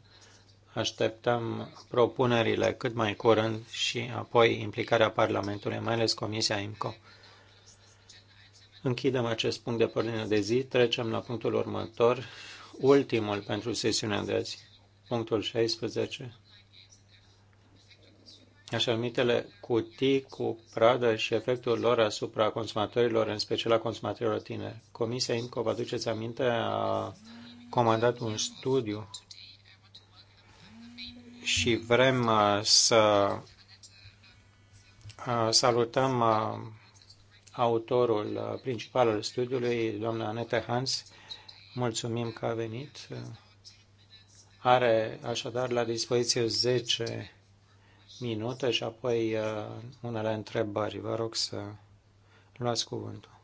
Așteptăm propunerile cât mai curând și apoi implicarea Parlamentului, mai ales Comisia IMCO. Închidem acest punct de ordine de zi, trecem la punctul următor, ultimul pentru sesiunea de azi, punctul 16 așa numitele cutii cu pradă și efectul lor asupra consumatorilor, în special a consumatorilor tineri. Comisia IMCO, vă aduceți aminte, a comandat un studiu și vrem să salutăm autorul principal al studiului, doamna Anete Hans. Mulțumim că a venit. Are așadar la dispoziție 10 minute și apoi uh, unele întrebări. Vă rog să luați cuvântul.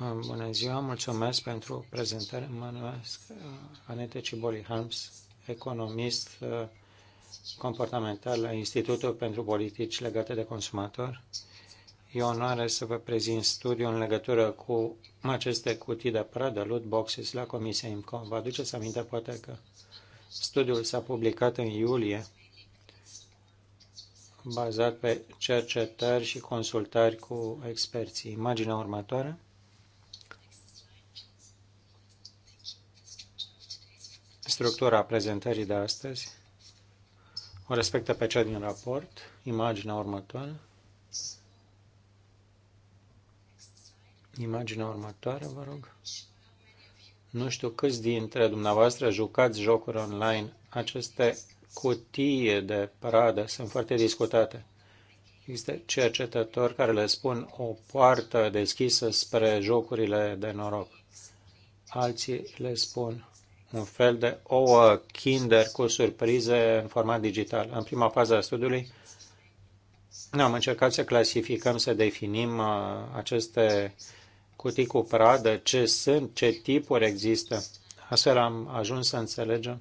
Uh, bună ziua, mulțumesc pentru prezentare. Mă numesc uh, Anete Ciboli Harms, economist comportamental la Institutul pentru Politici Legate de Consumator. E onoare să vă prezint studiul în legătură cu aceste cutii de pradă, loot boxes, la Comisia IMCO. Vă aduceți aminte poate că Studiul s-a publicat în iulie, bazat pe cercetări și consultări cu experții. Imaginea următoare. Structura prezentării de astăzi o respectă pe cea din raport. Imaginea următoare. Imaginea următoare, vă rog. Nu știu câți dintre dumneavoastră jucați jocuri online. Aceste cutii de paradă sunt foarte discutate. Există cercetători care le spun o poartă deschisă spre jocurile de noroc. Alții le spun un fel de ouă kinder cu surprize în format digital. În prima fază a studiului am încercat să clasificăm, să definim uh, aceste cutii cu pradă, ce sunt, ce tipuri există. Astfel am ajuns să înțelegem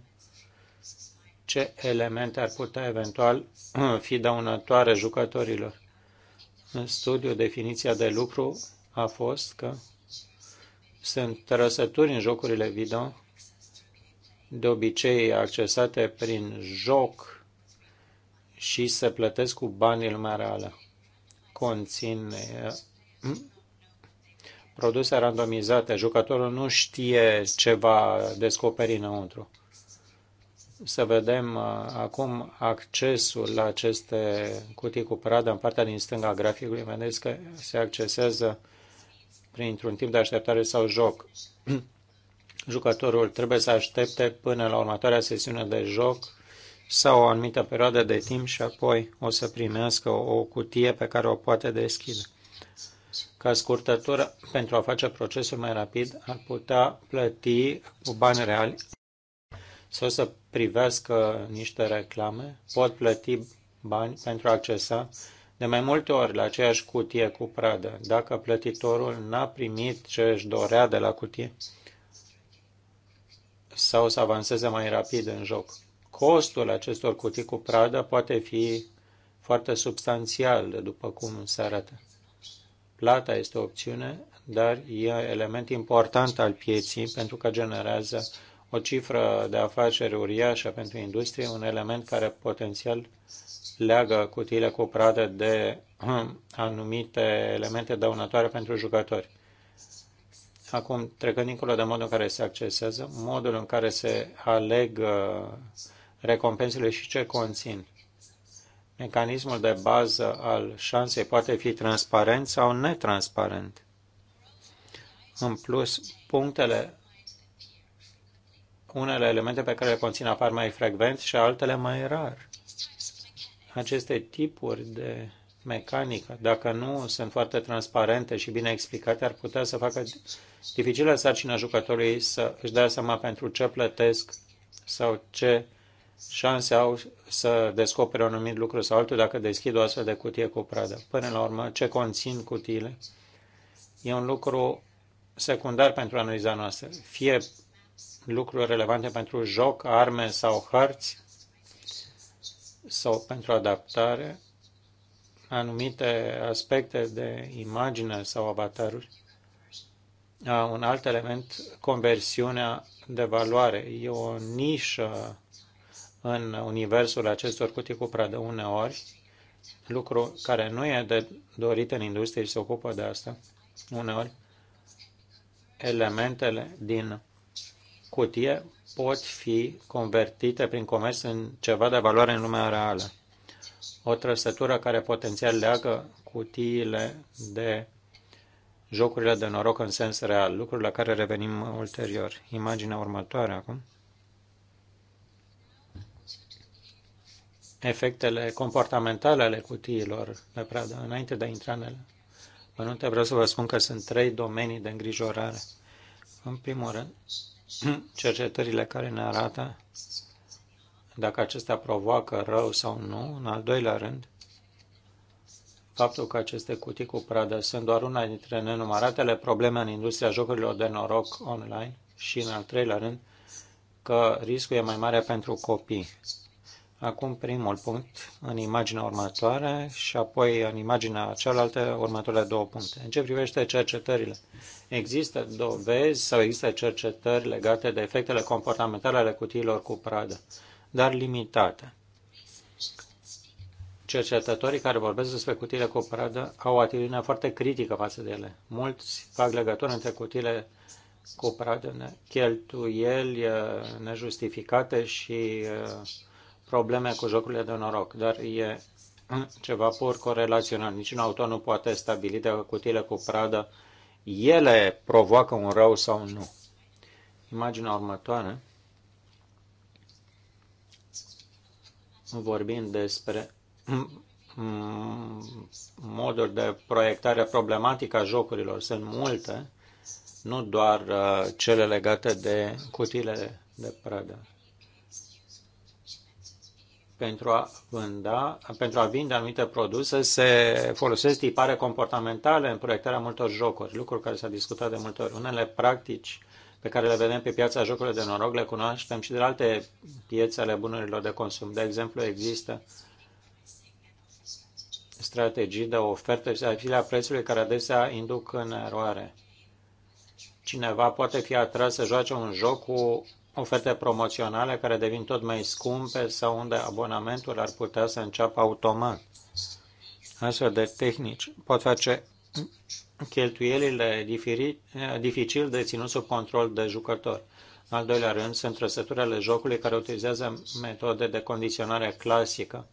ce elemente ar putea eventual fi dăunătoare jucătorilor. În studiu, definiția de lucru a fost că sunt trăsături în jocurile video, de obicei accesate prin joc și se plătesc cu banii lumea reală. Conține produse randomizate. Jucătorul nu știe ce va descoperi înăuntru. Să vedem uh, acum accesul la aceste cutii cu pradă în partea din stânga graficului. Vedeți că se accesează printr-un timp de așteptare sau joc. Jucătorul trebuie să aștepte până la următoarea sesiune de joc sau o anumită perioadă de timp și apoi o să primească o cutie pe care o poate deschide ca scurtătură pentru a face procesul mai rapid, ar putea plăti cu bani reali sau să privească niște reclame, pot plăti bani pentru a accesa de mai multe ori la aceeași cutie cu pradă, dacă plătitorul n-a primit ce își dorea de la cutie sau să avanseze mai rapid în joc. Costul acestor cutii cu pradă poate fi foarte substanțial, după cum se arată. Plata este o opțiune, dar e element important al pieții pentru că generează o cifră de afaceri uriașă pentru industrie, un element care potențial leagă cutiile cu pradă de anumite elemente dăunătoare pentru jucători. Acum, trecând dincolo de modul în care se accesează, modul în care se aleg uh, recompensele și ce conțin mecanismul de bază al șansei poate fi transparent sau netransparent. În plus, punctele, unele elemente pe care le conțin apar mai frecvent și altele mai rar. Aceste tipuri de mecanică, dacă nu sunt foarte transparente și bine explicate, ar putea să facă dificilă sarcina jucătorului să își dea seama pentru ce plătesc sau ce șanse au să descopere un anumit lucru sau altul dacă deschid o astfel de cutie cu pradă. Până la urmă, ce conțin cutiile e un lucru secundar pentru analiza noastră. Fie lucruri relevante pentru joc, arme sau hărți sau pentru adaptare, anumite aspecte de imagine sau avataruri. Un alt element, conversiunea de valoare. E o nișă în universul acestor cutii cu pradă uneori, lucru care nu e de dorit în industrie și se ocupă de asta. Uneori, elementele din cutie pot fi convertite prin comerț în ceva de valoare în lumea reală. O trăsătură care potențial leagă cutiile de jocurile de noroc în sens real, lucruri la care revenim ulterior. Imaginea următoare acum efectele comportamentale ale cutiilor de pradă. Înainte de a intra în ele, te vreau să vă spun că sunt trei domenii de îngrijorare. În primul rând, cercetările care ne arată dacă acestea provoacă rău sau nu. În al doilea rând, faptul că aceste cutii cu pradă sunt doar una dintre nenumăratele probleme în industria jocurilor de noroc online și, în al treilea rând, că riscul e mai mare pentru copii. Acum primul punct în imaginea următoare și apoi în imaginea cealaltă următoarele două puncte. În ce privește cercetările? Există dovezi sau există cercetări legate de efectele comportamentale ale cutiilor cu pradă, dar limitate. Cercetătorii care vorbesc despre cutiile cu pradă au o atitudine foarte critică față de ele. Mulți fac legătură între cutiile cu pradă, cheltuieli eh, nejustificate și uh, probleme cu jocurile de noroc, dar e ceva pur corelațional. Niciun autor nu poate stabili dacă cutiile cu pradă ele provoacă un rău sau nu. Imaginea următoare, vorbind despre moduri de proiectare problematică a jocurilor, sunt multe, nu doar uh, cele legate de cutiile de pradă pentru a, vânda, pentru a vinde anumite produse se folosesc tipare comportamentale în proiectarea multor jocuri, lucruri care s-a discutat de multe ori. Unele practici pe care le vedem pe piața jocurilor de noroc le cunoaștem și de la alte piețe ale bunurilor de consum. De exemplu, există strategii de ofertă și afilia prețului care adesea induc în eroare. Cineva poate fi atras să joace un joc cu oferte promoționale care devin tot mai scumpe sau unde abonamentul ar putea să înceapă automat. Astfel de tehnici pot face cheltuielile dificil de ținut sub control de jucător. În al doilea rând, sunt trăsăturile jocului care utilizează metode de condiționare clasică.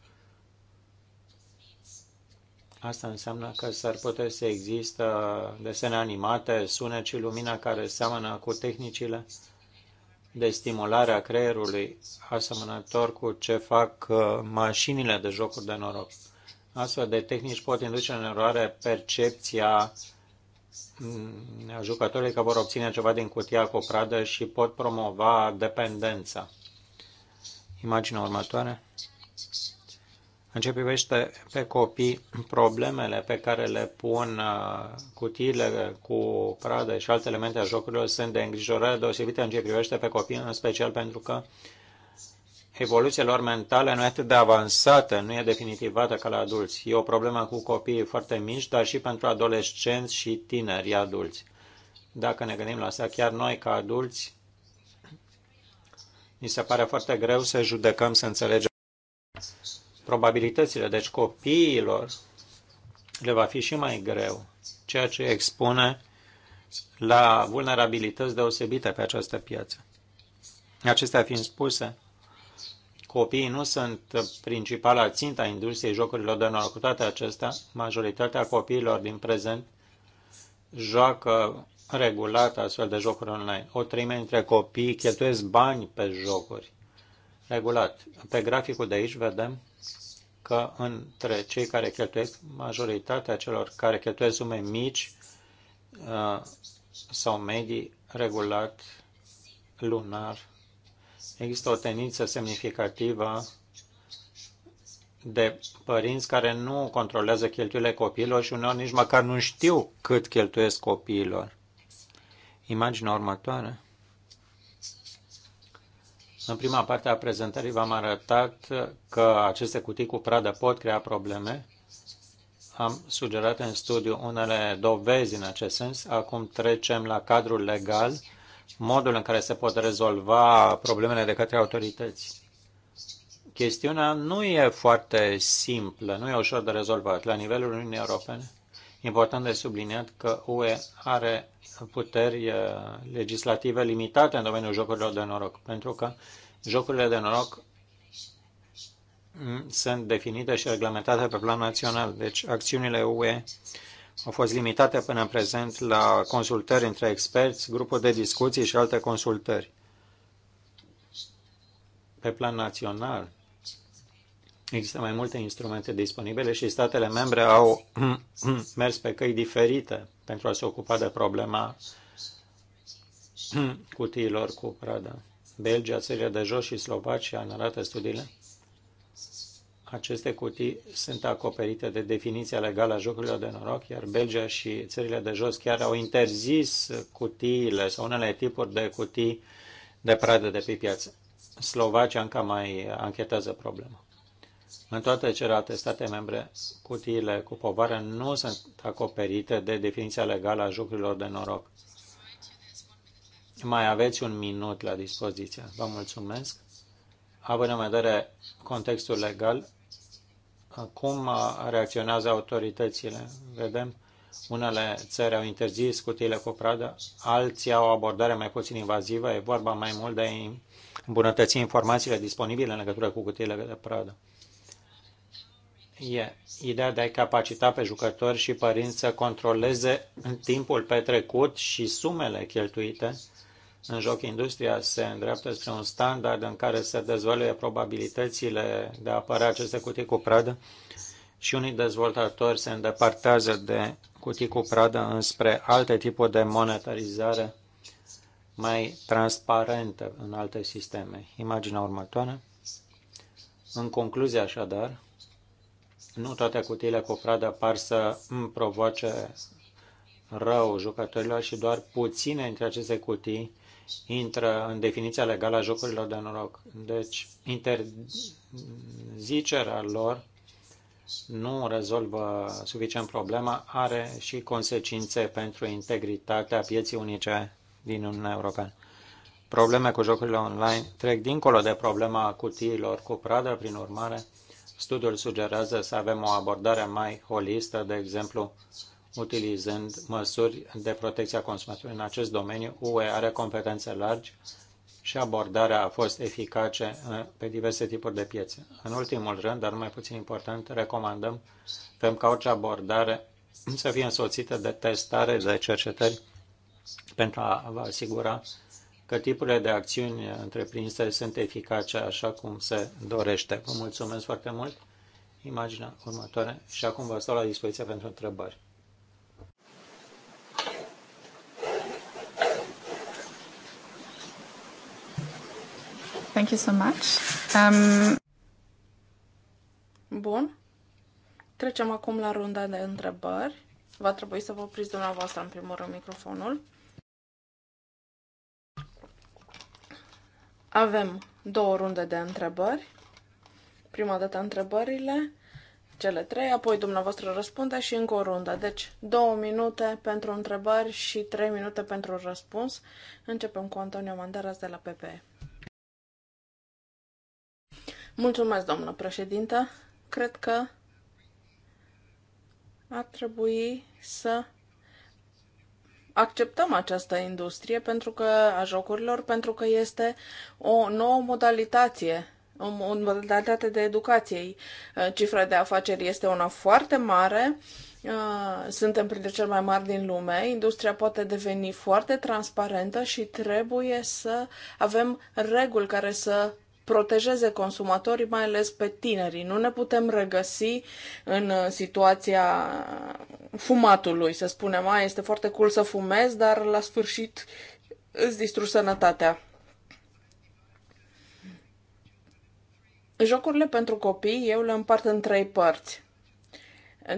Asta înseamnă că s-ar putea să există desene animate, sunet și lumina care seamănă cu tehnicile de stimulare a creierului, asemănător cu ce fac uh, mașinile de jocuri de noroc. Astfel de tehnici pot induce în eroare percepția mm, jucătorii că vor obține ceva din cutia cu pradă și pot promova dependența. Imaginea următoare. În ce privește pe copii, problemele pe care le pun uh, cutiile cu pradă și alte elemente a jocurilor sunt de îngrijorare deosebită în ce privește pe copii, în special pentru că evoluția lor mentală nu e atât de avansată, nu e definitivată ca la adulți. E o problemă cu copiii foarte mici, dar și pentru adolescenți și tineri adulți. Dacă ne gândim la asta, chiar noi ca adulți, mi se pare foarte greu să judecăm, să înțelegem probabilitățile, deci copiilor le va fi și mai greu, ceea ce expune la vulnerabilități deosebite pe această piață. Acestea fiind spuse, copiii nu sunt principala ținta industriei jocurilor de noroc. Cu toate acestea, majoritatea copiilor din prezent joacă regulat astfel de jocuri online. O treime dintre copii cheltuiesc bani pe jocuri regulat. Pe graficul de aici vedem că între cei care cheltuiesc, majoritatea celor care cheltuiesc sume mici uh, sau medii regulat lunar, există o tendință semnificativă de părinți care nu controlează cheltuielile copiilor și uneori nici măcar nu știu cât cheltuiesc copiilor. Imaginea următoare în prima parte a prezentării v-am arătat că aceste cutii cu pradă pot crea probleme. Am sugerat în studiu unele dovezi în acest sens. Acum trecem la cadrul legal, modul în care se pot rezolva problemele de către autorități. Chestiunea nu e foarte simplă, nu e ușor de rezolvat la nivelul Uniunii Europene important de subliniat că UE are puteri uh, legislative limitate în domeniul jocurilor de noroc, pentru că jocurile de noroc mm, sunt definite și reglementate pe plan național. Deci acțiunile UE au fost limitate până în prezent la consultări între experți, grupuri de discuții și alte consultări. Pe plan național, Există mai multe instrumente disponibile și statele membre au mers pe căi diferite pentru a se ocupa de problema cutiilor cu pradă. Belgia, țările de jos și Slovacia, în arată studiile, aceste cutii sunt acoperite de definiția legală a jocurilor de noroc, iar Belgia și țările de jos chiar au interzis cutiile sau unele tipuri de cutii de pradă de pe piață. Slovacia încă mai anchetează problema. În toate celelalte state membre, cutiile cu povară nu sunt acoperite de definiția legală a jucurilor de noroc. Mai aveți un minut la dispoziție. Vă mulțumesc. Având în vedere contextul legal, cum reacționează autoritățile? Vedem, unele țări au interzis cutiile cu pradă, alții au o abordare mai puțin invazivă, e vorba mai mult de îmbunătăți informațiile disponibile în legătură cu cutiile de pradă e ideea de a capacita pe jucători și părinți să controleze în timpul petrecut și sumele cheltuite. În joc, industria se îndreaptă spre un standard în care se dezvăluie probabilitățile de a apărea aceste cutii cu pradă și unii dezvoltatori se îndepărtează de cutii cu pradă înspre alte tipuri de monetarizare mai transparente în alte sisteme. Imaginea următoare. În concluzie, așadar, nu toate cutiile cu pradă par să provoace rău jucătorilor și doar puține dintre aceste cutii intră în definiția legală a jocurilor de noroc. Deci, interzicerea lor nu rezolvă suficient problema, are și consecințe pentru integritatea pieții unice din Uniunea Europeană. Probleme cu jocurile online trec dincolo de problema cutiilor cu pradă, prin urmare, Studiul sugerează să avem o abordare mai holistă, de exemplu, utilizând măsuri de protecție a consumatorului. În acest domeniu, UE are competențe largi și abordarea a fost eficace uh, pe diverse tipuri de piețe. În ultimul rând, dar nu mai puțin important, recomandăm vrem ca orice abordare să fie însoțită de testare, de cercetări pentru a vă asigura că tipurile de acțiuni întreprinse sunt eficace așa cum se dorește. Vă mulțumesc foarte mult. Imaginea următoare și acum vă stau la dispoziție pentru întrebări. Thank you so much. Um... Bun. Trecem acum la runda de întrebări. Va trebui să vă opriți dumneavoastră în primul rând microfonul. Avem două runde de întrebări. Prima dată întrebările, cele trei, apoi dumneavoastră răspunde și încă o rundă. Deci două minute pentru întrebări și trei minute pentru răspuns. Începem cu Antonio Manderas de la PPE. Mulțumesc, domnule președinte. Cred că ar trebui să acceptăm această industrie pentru că, a jocurilor pentru că este o nouă modalitate o modalitate de educație. Cifra de afaceri este una foarte mare. Uh, suntem printre cel mai mari din lume. Industria poate deveni foarte transparentă și trebuie să avem reguli care să protejeze consumatorii, mai ales pe tinerii. Nu ne putem regăsi în uh, situația fumatului, să spunem. A, este foarte cool să fumezi, dar la sfârșit îți distrug sănătatea. Jocurile pentru copii eu le împart în trei părți.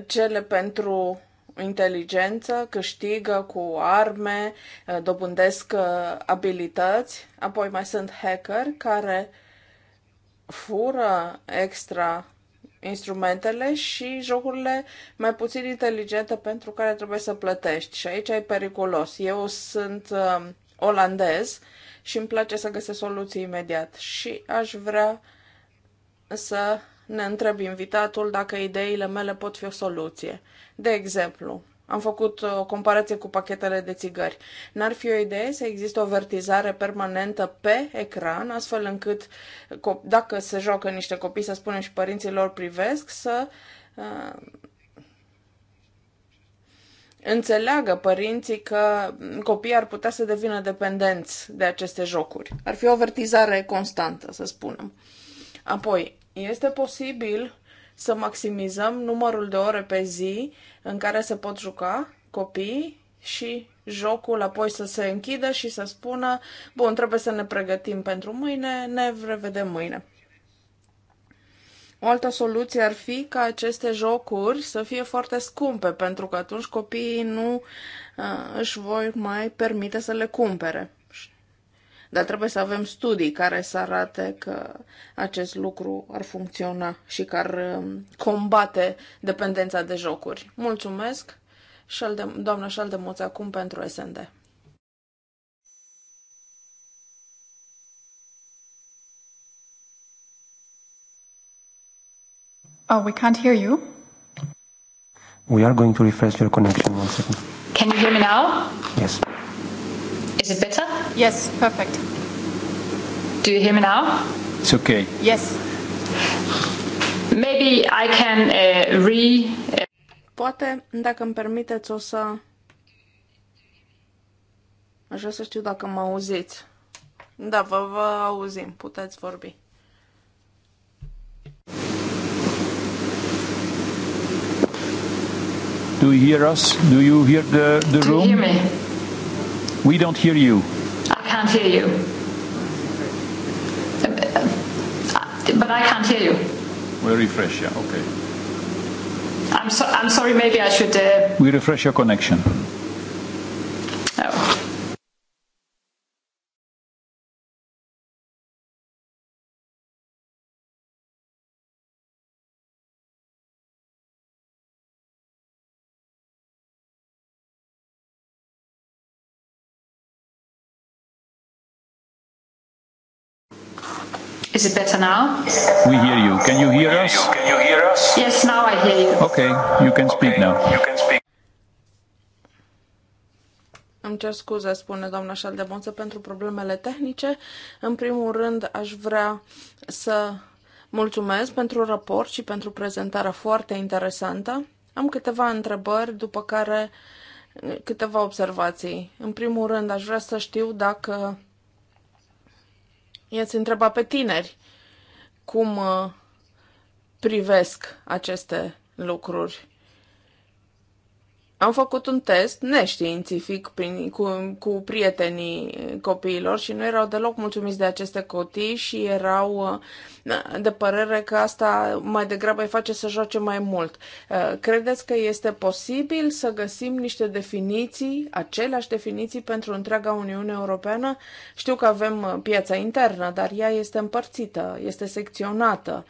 Cele pentru inteligență, câștigă cu arme, uh, dobândesc uh, abilități, apoi mai sunt hacker care uh, fură extra instrumentele și jocurile mai puțin inteligente pentru care trebuie să plătești. Și aici e periculos. Eu sunt uh, olandez și îmi place să găsesc soluții imediat. Și aș vrea să ne întreb invitatul dacă ideile mele pot fi o soluție. De exemplu, am făcut uh, o comparație cu pachetele de țigări. N-ar fi o idee să existe o vertizare permanentă pe ecran, astfel încât, dacă se joacă niște copii, să spunem și părinții lor privesc, să uh, înțeleagă părinții că copiii ar putea să devină dependenți de aceste jocuri. Ar fi o vertizare constantă, să spunem. Apoi, este posibil să maximizăm numărul de ore pe zi în care se pot juca copiii și jocul apoi să se închidă și să spună, bun, trebuie să ne pregătim pentru mâine, ne revedem mâine. O altă soluție ar fi ca aceste jocuri să fie foarte scumpe, pentru că atunci copiii nu uh, își vor mai permite să le cumpere. Dar trebuie să avem studii care să arate că acest lucru ar funcționa și că ar um, combate dependența de jocuri. Mulțumesc, Șalde, doamna Șaldemuț, acum pentru SND. Oh, we can't hear you. We are going to refresh your connection one second. Can you hear me now? Yes. Is it better? Yes, perfect. Do you hear me now? It's okay. Yes. Maybe I can uh, re... Uh, Poate, dacă îmi permiteți, o să... Aș vrea să știu dacă mă auziți. Da, vă, vă auzim. Puteți vorbi. Do you hear us? Do you hear the, the room? Do you hear me? We don't hear you. I can't hear you. But I can't hear you. We'll refresh, yeah, okay. I'm, so, I'm sorry, maybe I should... Uh... We refresh your connection. Oh. Is it better now? We hear you. Can you hear us? Can you hear us? Yes, now I hear you. Okay, you can speak okay, now. You can speak. Îmi cer scuze, spune doamna Șaldemonță, pentru problemele tehnice. În primul rând, aș vrea să mulțumesc pentru raport și pentru prezentarea foarte interesantă. Am câteva întrebări, după care câteva observații. În primul rând, aș vrea să știu dacă i-ați întreba pe tineri cum uh, privesc aceste lucruri. Am făcut un test neștiințific prin, cu, cu prietenii copiilor și nu erau deloc mulțumiți de aceste cotii și erau uh, de părere că asta mai degrabă îi face să joace mai mult. Uh, credeți că este posibil să găsim niște definiții, aceleași definiții pentru întreaga Uniune Europeană? Știu că avem uh, piața internă, dar ea este împărțită, este secționată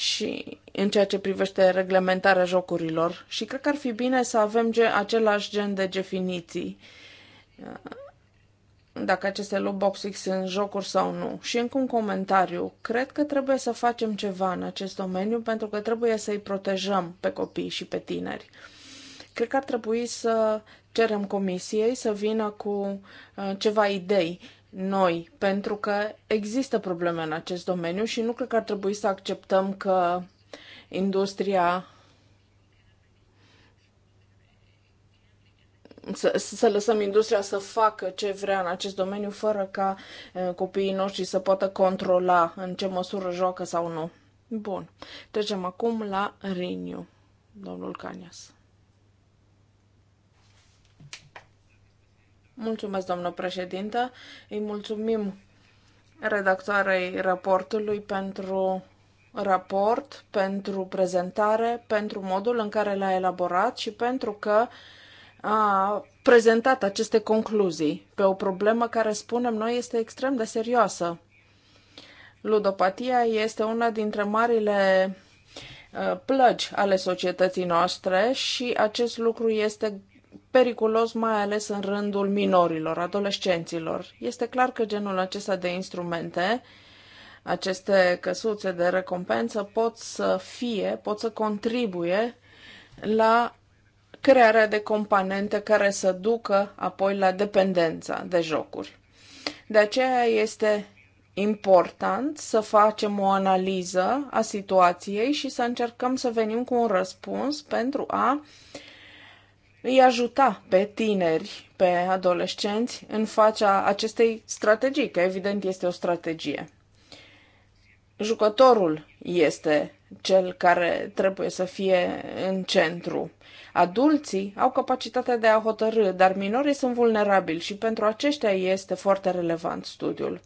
și în ceea ce privește reglementarea jocurilor și cred că ar fi bine să avem ge- același gen de definiții uh, dacă aceste lootboxing sunt jocuri sau nu. Și încă un comentariu. Cred că trebuie să facem ceva în acest domeniu pentru că trebuie să-i protejăm pe copii și pe tineri. Cred că ar trebui să cerem comisiei să vină cu uh, ceva idei noi, pentru că există probleme în acest domeniu și nu cred că ar trebui să acceptăm că industria să, să lăsăm industria să facă ce vrea în acest domeniu fără ca eh, copiii noștri să poată controla în ce măsură joacă sau nu. Bun. Trecem acum la Riniu, domnul Canias. Mulțumesc, doamnă președinte. Îi mulțumim redactoarei raportului pentru raport, pentru prezentare, pentru modul în care l-a elaborat și pentru că a prezentat aceste concluzii pe o problemă care, spunem noi, este extrem de serioasă. Ludopatia este una dintre marile uh, plăgi ale societății noastre și acest lucru este periculos mai ales în rândul minorilor, adolescenților. Este clar că genul acesta de instrumente, aceste căsuțe de recompensă pot să fie, pot să contribuie la crearea de componente care să ducă apoi la dependența de jocuri. De aceea este important să facem o analiză a situației și să încercăm să venim cu un răspuns pentru a uh, îi ajuta pe tineri, pe adolescenți, în fața acestei strategii, că evident este o strategie. Jucătorul este cel care trebuie să fie în centru. Adulții au capacitatea de a hotărâ, dar minorii sunt vulnerabili și pentru aceștia este foarte relevant studiul.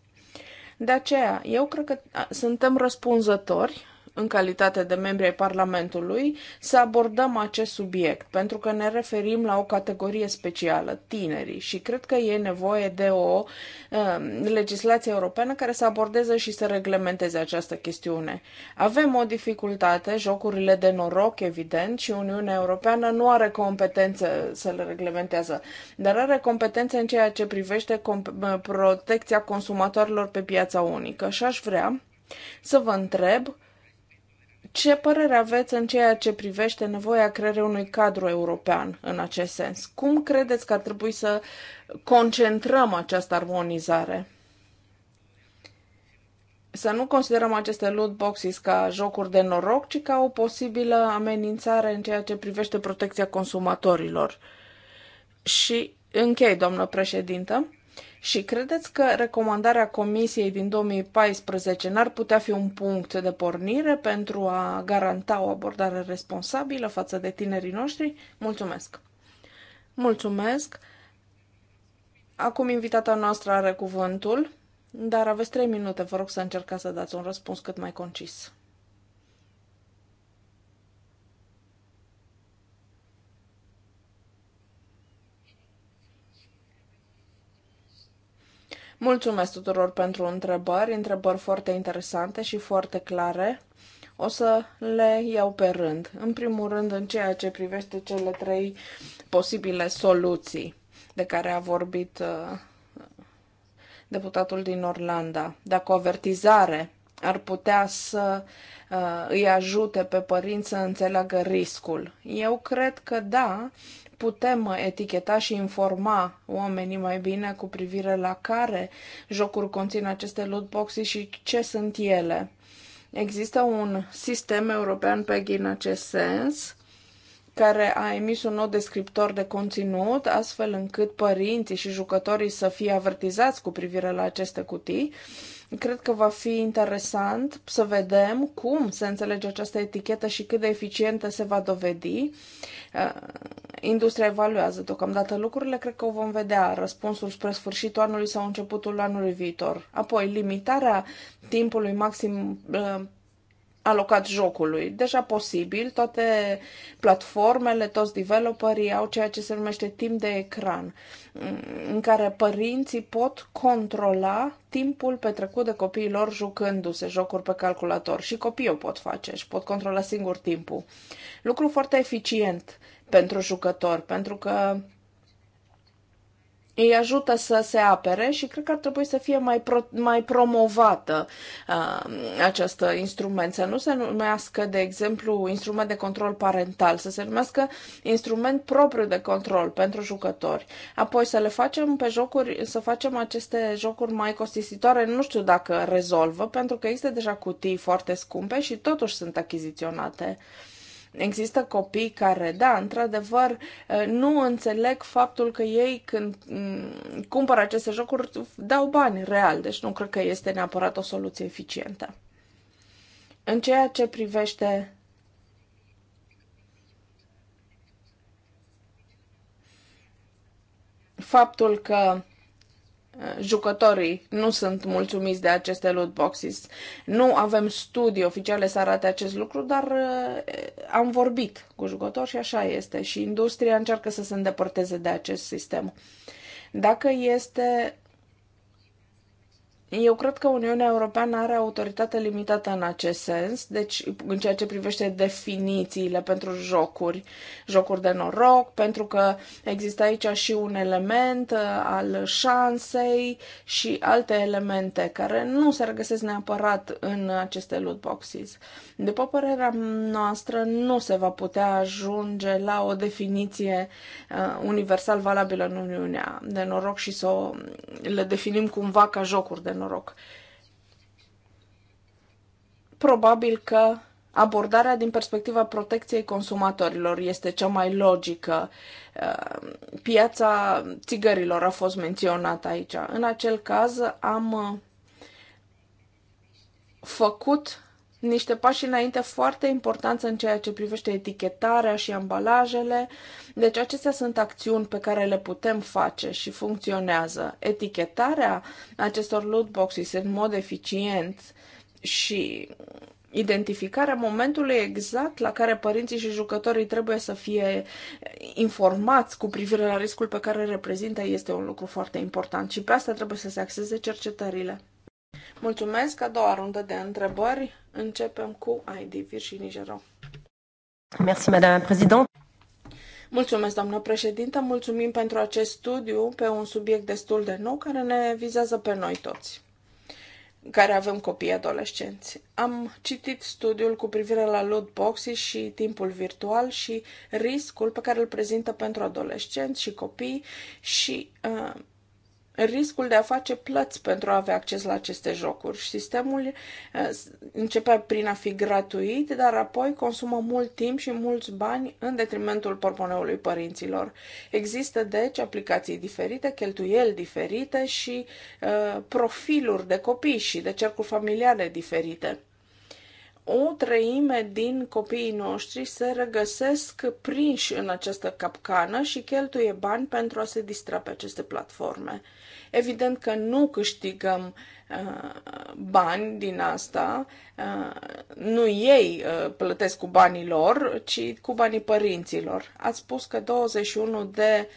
De aceea, eu cred că suntem răspunzători în calitate de membri ai Parlamentului, să abordăm acest subiect, pentru că ne referim la o categorie specială, tinerii, și cred că e nevoie de o uh, legislație europeană care să abordeze și să reglementeze această chestiune. Avem o dificultate, jocurile de noroc, evident, și Uniunea Europeană nu are competență să le reglementează, dar are competență în ceea ce privește uh, protecția consumatorilor pe piața unică. Și aș vrea să vă întreb ce părere aveți în ceea ce privește nevoia creării unui cadru european în acest sens? Cum credeți că ar trebui să concentrăm această armonizare? Să nu considerăm aceste loot boxes ca jocuri de noroc, ci ca o posibilă amenințare în ceea ce privește protecția consumatorilor. Și închei, doamnă președintă și credeți că recomandarea Comisiei din 2014 n-ar putea fi un punct de pornire pentru a garanta o abordare responsabilă față de tinerii noștri? Mulțumesc! Mulțumesc! Acum invitata noastră are cuvântul, dar aveți 3 minute, vă rog să încercați să dați un răspuns cât mai concis. Mulțumesc tuturor pentru întrebări, întrebări foarte interesante și foarte clare. O să le iau pe rând. În primul rând, în ceea ce privește cele trei posibile soluții de care a vorbit uh, deputatul din Orlanda. Dacă o avertizare ar putea să uh, îi ajute pe părinți să înțeleagă riscul. Eu cred că da, putem eticheta și informa oamenii mai bine cu privire la care jocuri conțin aceste lootboxe și ce sunt ele. Există un sistem european pe în acest sens care a emis un nou descriptor de conținut, astfel încât părinții și jucătorii să fie avertizați cu privire la aceste cutii. Cred că va fi interesant să vedem cum se înțelege această etichetă și cât de eficientă se va dovedi industria evaluează deocamdată lucrurile, cred că o vom vedea răspunsul spre sfârșitul anului sau începutul anului viitor. Apoi, limitarea timpului maxim uh, alocat jocului. Deja posibil, toate platformele, toți developerii au ceea ce se numește timp de ecran, mm, în care părinții pot controla timpul petrecut de copiii lor jucându-se jocuri pe calculator și copiii o pot face și pot controla singur timpul. Lucru foarte eficient pentru jucător, pentru că îi ajută să se apere și cred că ar trebui să fie mai, pro, mai promovată uh, această instrument, să nu se numească, de exemplu, instrument de control parental, să se numească instrument propriu de control pentru jucători. Apoi să le facem pe jocuri, să facem aceste jocuri mai costisitoare, nu știu dacă rezolvă, pentru că există deja cutii foarte scumpe și totuși sunt achiziționate. Uh, Există copii care, da, într-adevăr, eh, nu înțeleg faptul că ei când mm, cumpără aceste jocuri dau bani real, deci nu cred că este neapărat o soluție eficientă. În ceea ce privește faptul că jucătorii nu sunt mulțumiți de aceste loot boxes. Nu avem studii oficiale să arate acest lucru, dar eh, am vorbit cu jucători și așa este. Și industria încearcă să se îndepărteze de acest sistem. Dacă este eu cred că Uniunea Europeană are autoritate limitată în acest sens, deci în ceea ce privește definițiile pentru jocuri, jocuri de noroc, pentru că există aici și un element uh, al șansei și alte elemente care nu se regăsesc neapărat în aceste loot boxes. După părerea noastră, nu se va putea ajunge la o definiție uh, universal valabilă în Uniunea de noroc și să le definim cumva ca jocuri de noroc noroc. Probabil că abordarea din perspectiva protecției consumatorilor este cea mai logică. Uh, piața țigărilor a fost menționată aici. În acel caz am uh, făcut niște pași înainte foarte importanți în ceea ce privește etichetarea și ambalajele. Deci acestea sunt acțiuni pe care le putem face și funcționează. Etichetarea acestor loot boxes în mod eficient și identificarea momentului exact la care părinții și jucătorii trebuie să fie informați cu privire la riscul pe care îl reprezintă este un lucru foarte important și pe asta trebuie să se axeze cercetările. Mulțumesc, a doua rundă de întrebări. Începem cu ID Virginie Jero. Merci, Madame Présidente. Mulțumesc, doamnă președintă. Mulțumim pentru acest studiu pe un subiect destul de nou care ne vizează pe noi toți care avem copii adolescenți. Am citit studiul cu privire la loot boxes și timpul virtual și riscul pe care îl prezintă pentru adolescenți și copii și uh, riscul de a face plăți pentru a avea acces la aceste jocuri. sistemul eh, începe prin a fi gratuit, dar apoi consumă mult timp și mulți bani în detrimentul porponeului părinților. Există, deci, aplicații diferite, cheltuieli diferite și uh, profiluri de copii și de cercuri familiale diferite o treime din copiii noștri se regăsesc prinși în această capcană și cheltuie bani pentru a se distra pe aceste platforme. Evident că nu câștigăm uh, bani din asta, uh, nu ei uh, plătesc cu banii lor, ci cu banii părinților. Ați spus că 21 de,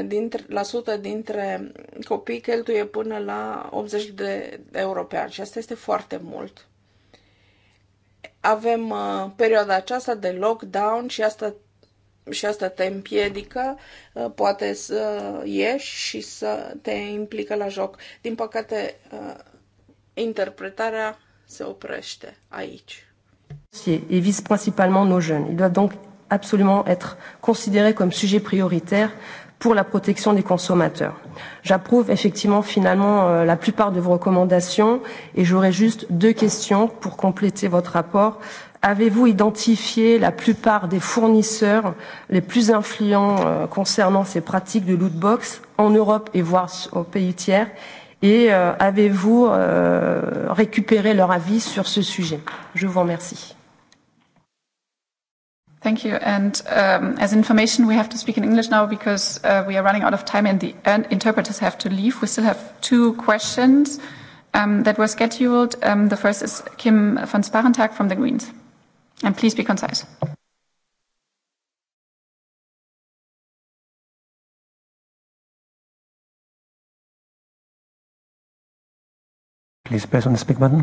uh, dintre, la sută dintre copii cheltuie până la 80 de euro pe an și asta este foarte mult avem uh, perioada aceasta de lockdown și asta, și asta te împiedică, uh, poate să ieși și să te implică la joc. Din păcate, uh, interpretarea se oprește aici. Et vise principalement nos jeunes. Ils doivent donc absolument être considérés comme sujets prioritaires pour la protection des consommateurs. J'approuve effectivement finalement euh, la plupart de vos recommandations et j'aurais juste deux questions pour compléter votre rapport. Avez-vous identifié la plupart des fournisseurs les plus influents euh, concernant ces pratiques de loot box en Europe et voire aux pays tiers et euh, avez-vous euh, récupéré leur avis sur ce sujet Je vous remercie. Thank you. And um, as information, we have to speak in English now because uh, we are running out of time and the interpreters have to leave. We still have two questions um, that were scheduled. Um, the first is Kim von Sparentag from the Greens. And please be concise. Please press on the speak button.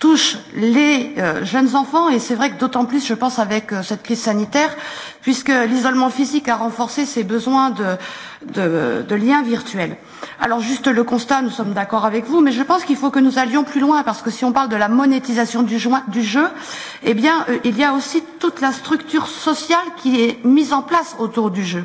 touche les euh, jeunes enfants et c'est vrai que d'autant plus je pense avec euh, cette crise sanitaire puisque l'isolement physique a renforcé ses besoins de, de, de liens virtuels. Alors juste le constat, nous sommes d'accord avec vous, mais je pense qu'il faut que nous allions plus loin parce que si on parle de la monétisation du, du jeu, eh bien euh, il y a aussi toute la structure sociale qui est mise en place autour du jeu.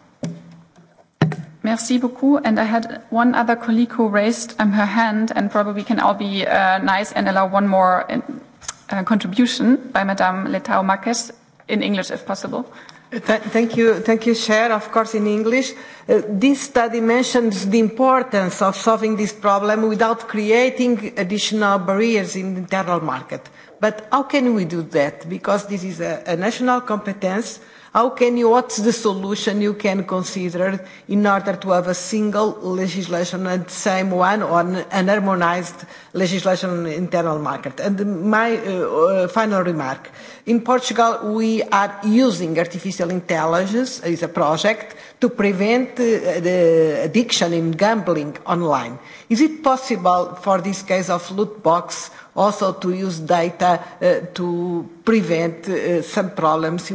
Merci beaucoup. And I had one other colleague who raised um, her hand, and probably we can all be uh, nice and allow one more in, uh, uh, contribution by Madame Letao Marquez in English, if possible. Uh, th thank you, thank you, Chair. Of course, in English, uh, this study mentions the importance of solving this problem without creating additional barriers in the internal market. But how can we do that? Because this is a, a national competence How can you, what's the solution you can consider in order to have a single legislation and same one or an harmonized legislation on the internal market? And my uh, uh, final remark, in Portugal we are using artificial intelligence as a project to prevent uh, the addiction in gambling online. Is it possible for this case of loot box also to use data uh, to prevent uh, some problems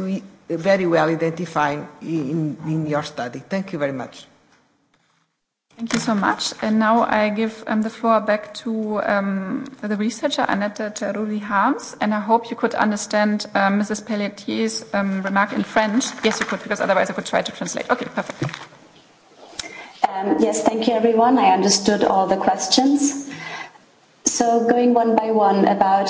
very well identified in, in your study. Thank you very much. Thank you so much. And now I give um, the floor back to um, the researcher, Annette teruli Harms. And I hope you could understand um, Mrs. Pelletier's um, remark in French. Yes, you could, because otherwise I could try to translate. Okay, perfect. Um, yes, thank you, everyone. I understood all the questions. So, going one by one about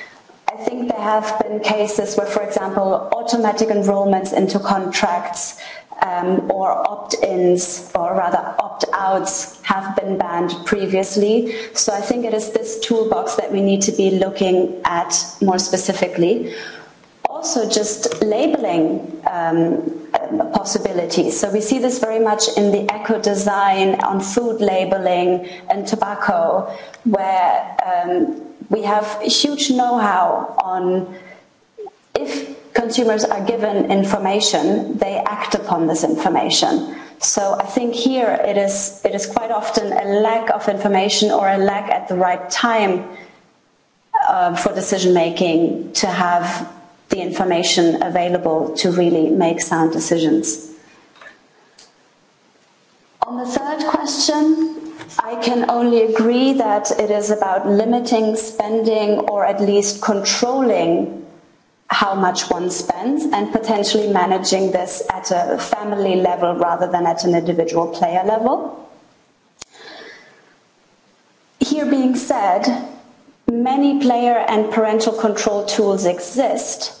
I think there have been cases where, for example, automatic enrollments into contracts um, or opt-ins or rather opt-outs have been banned previously. So I think it is this toolbox that we need to be looking at more specifically. Also, just labeling um, possibilities. So we see this very much in the eco design on food labeling and tobacco, where um, We have huge know-how on if consumers are given information, they act upon this information. So I think here it is it is quite often a lack of information or a lack at the right time uh, for decision making to have the information available to really make sound decisions. On the third question, I can only agree that it is about limiting spending or at least controlling how much one spends and potentially managing this at a family level rather than at an individual player level. Here being said, many player and parental control tools exist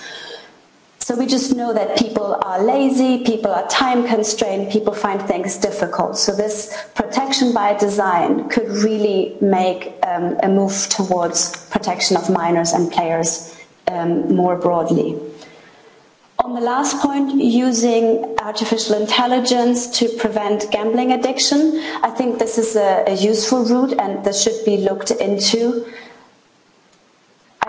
So we just know that people are lazy, people are time constrained, people find things difficult. So this protection by design could really make um, a move towards protection of minors and players um, more broadly. On the last point, using artificial intelligence to prevent gambling addiction, I think this is a, a useful route and this should be looked into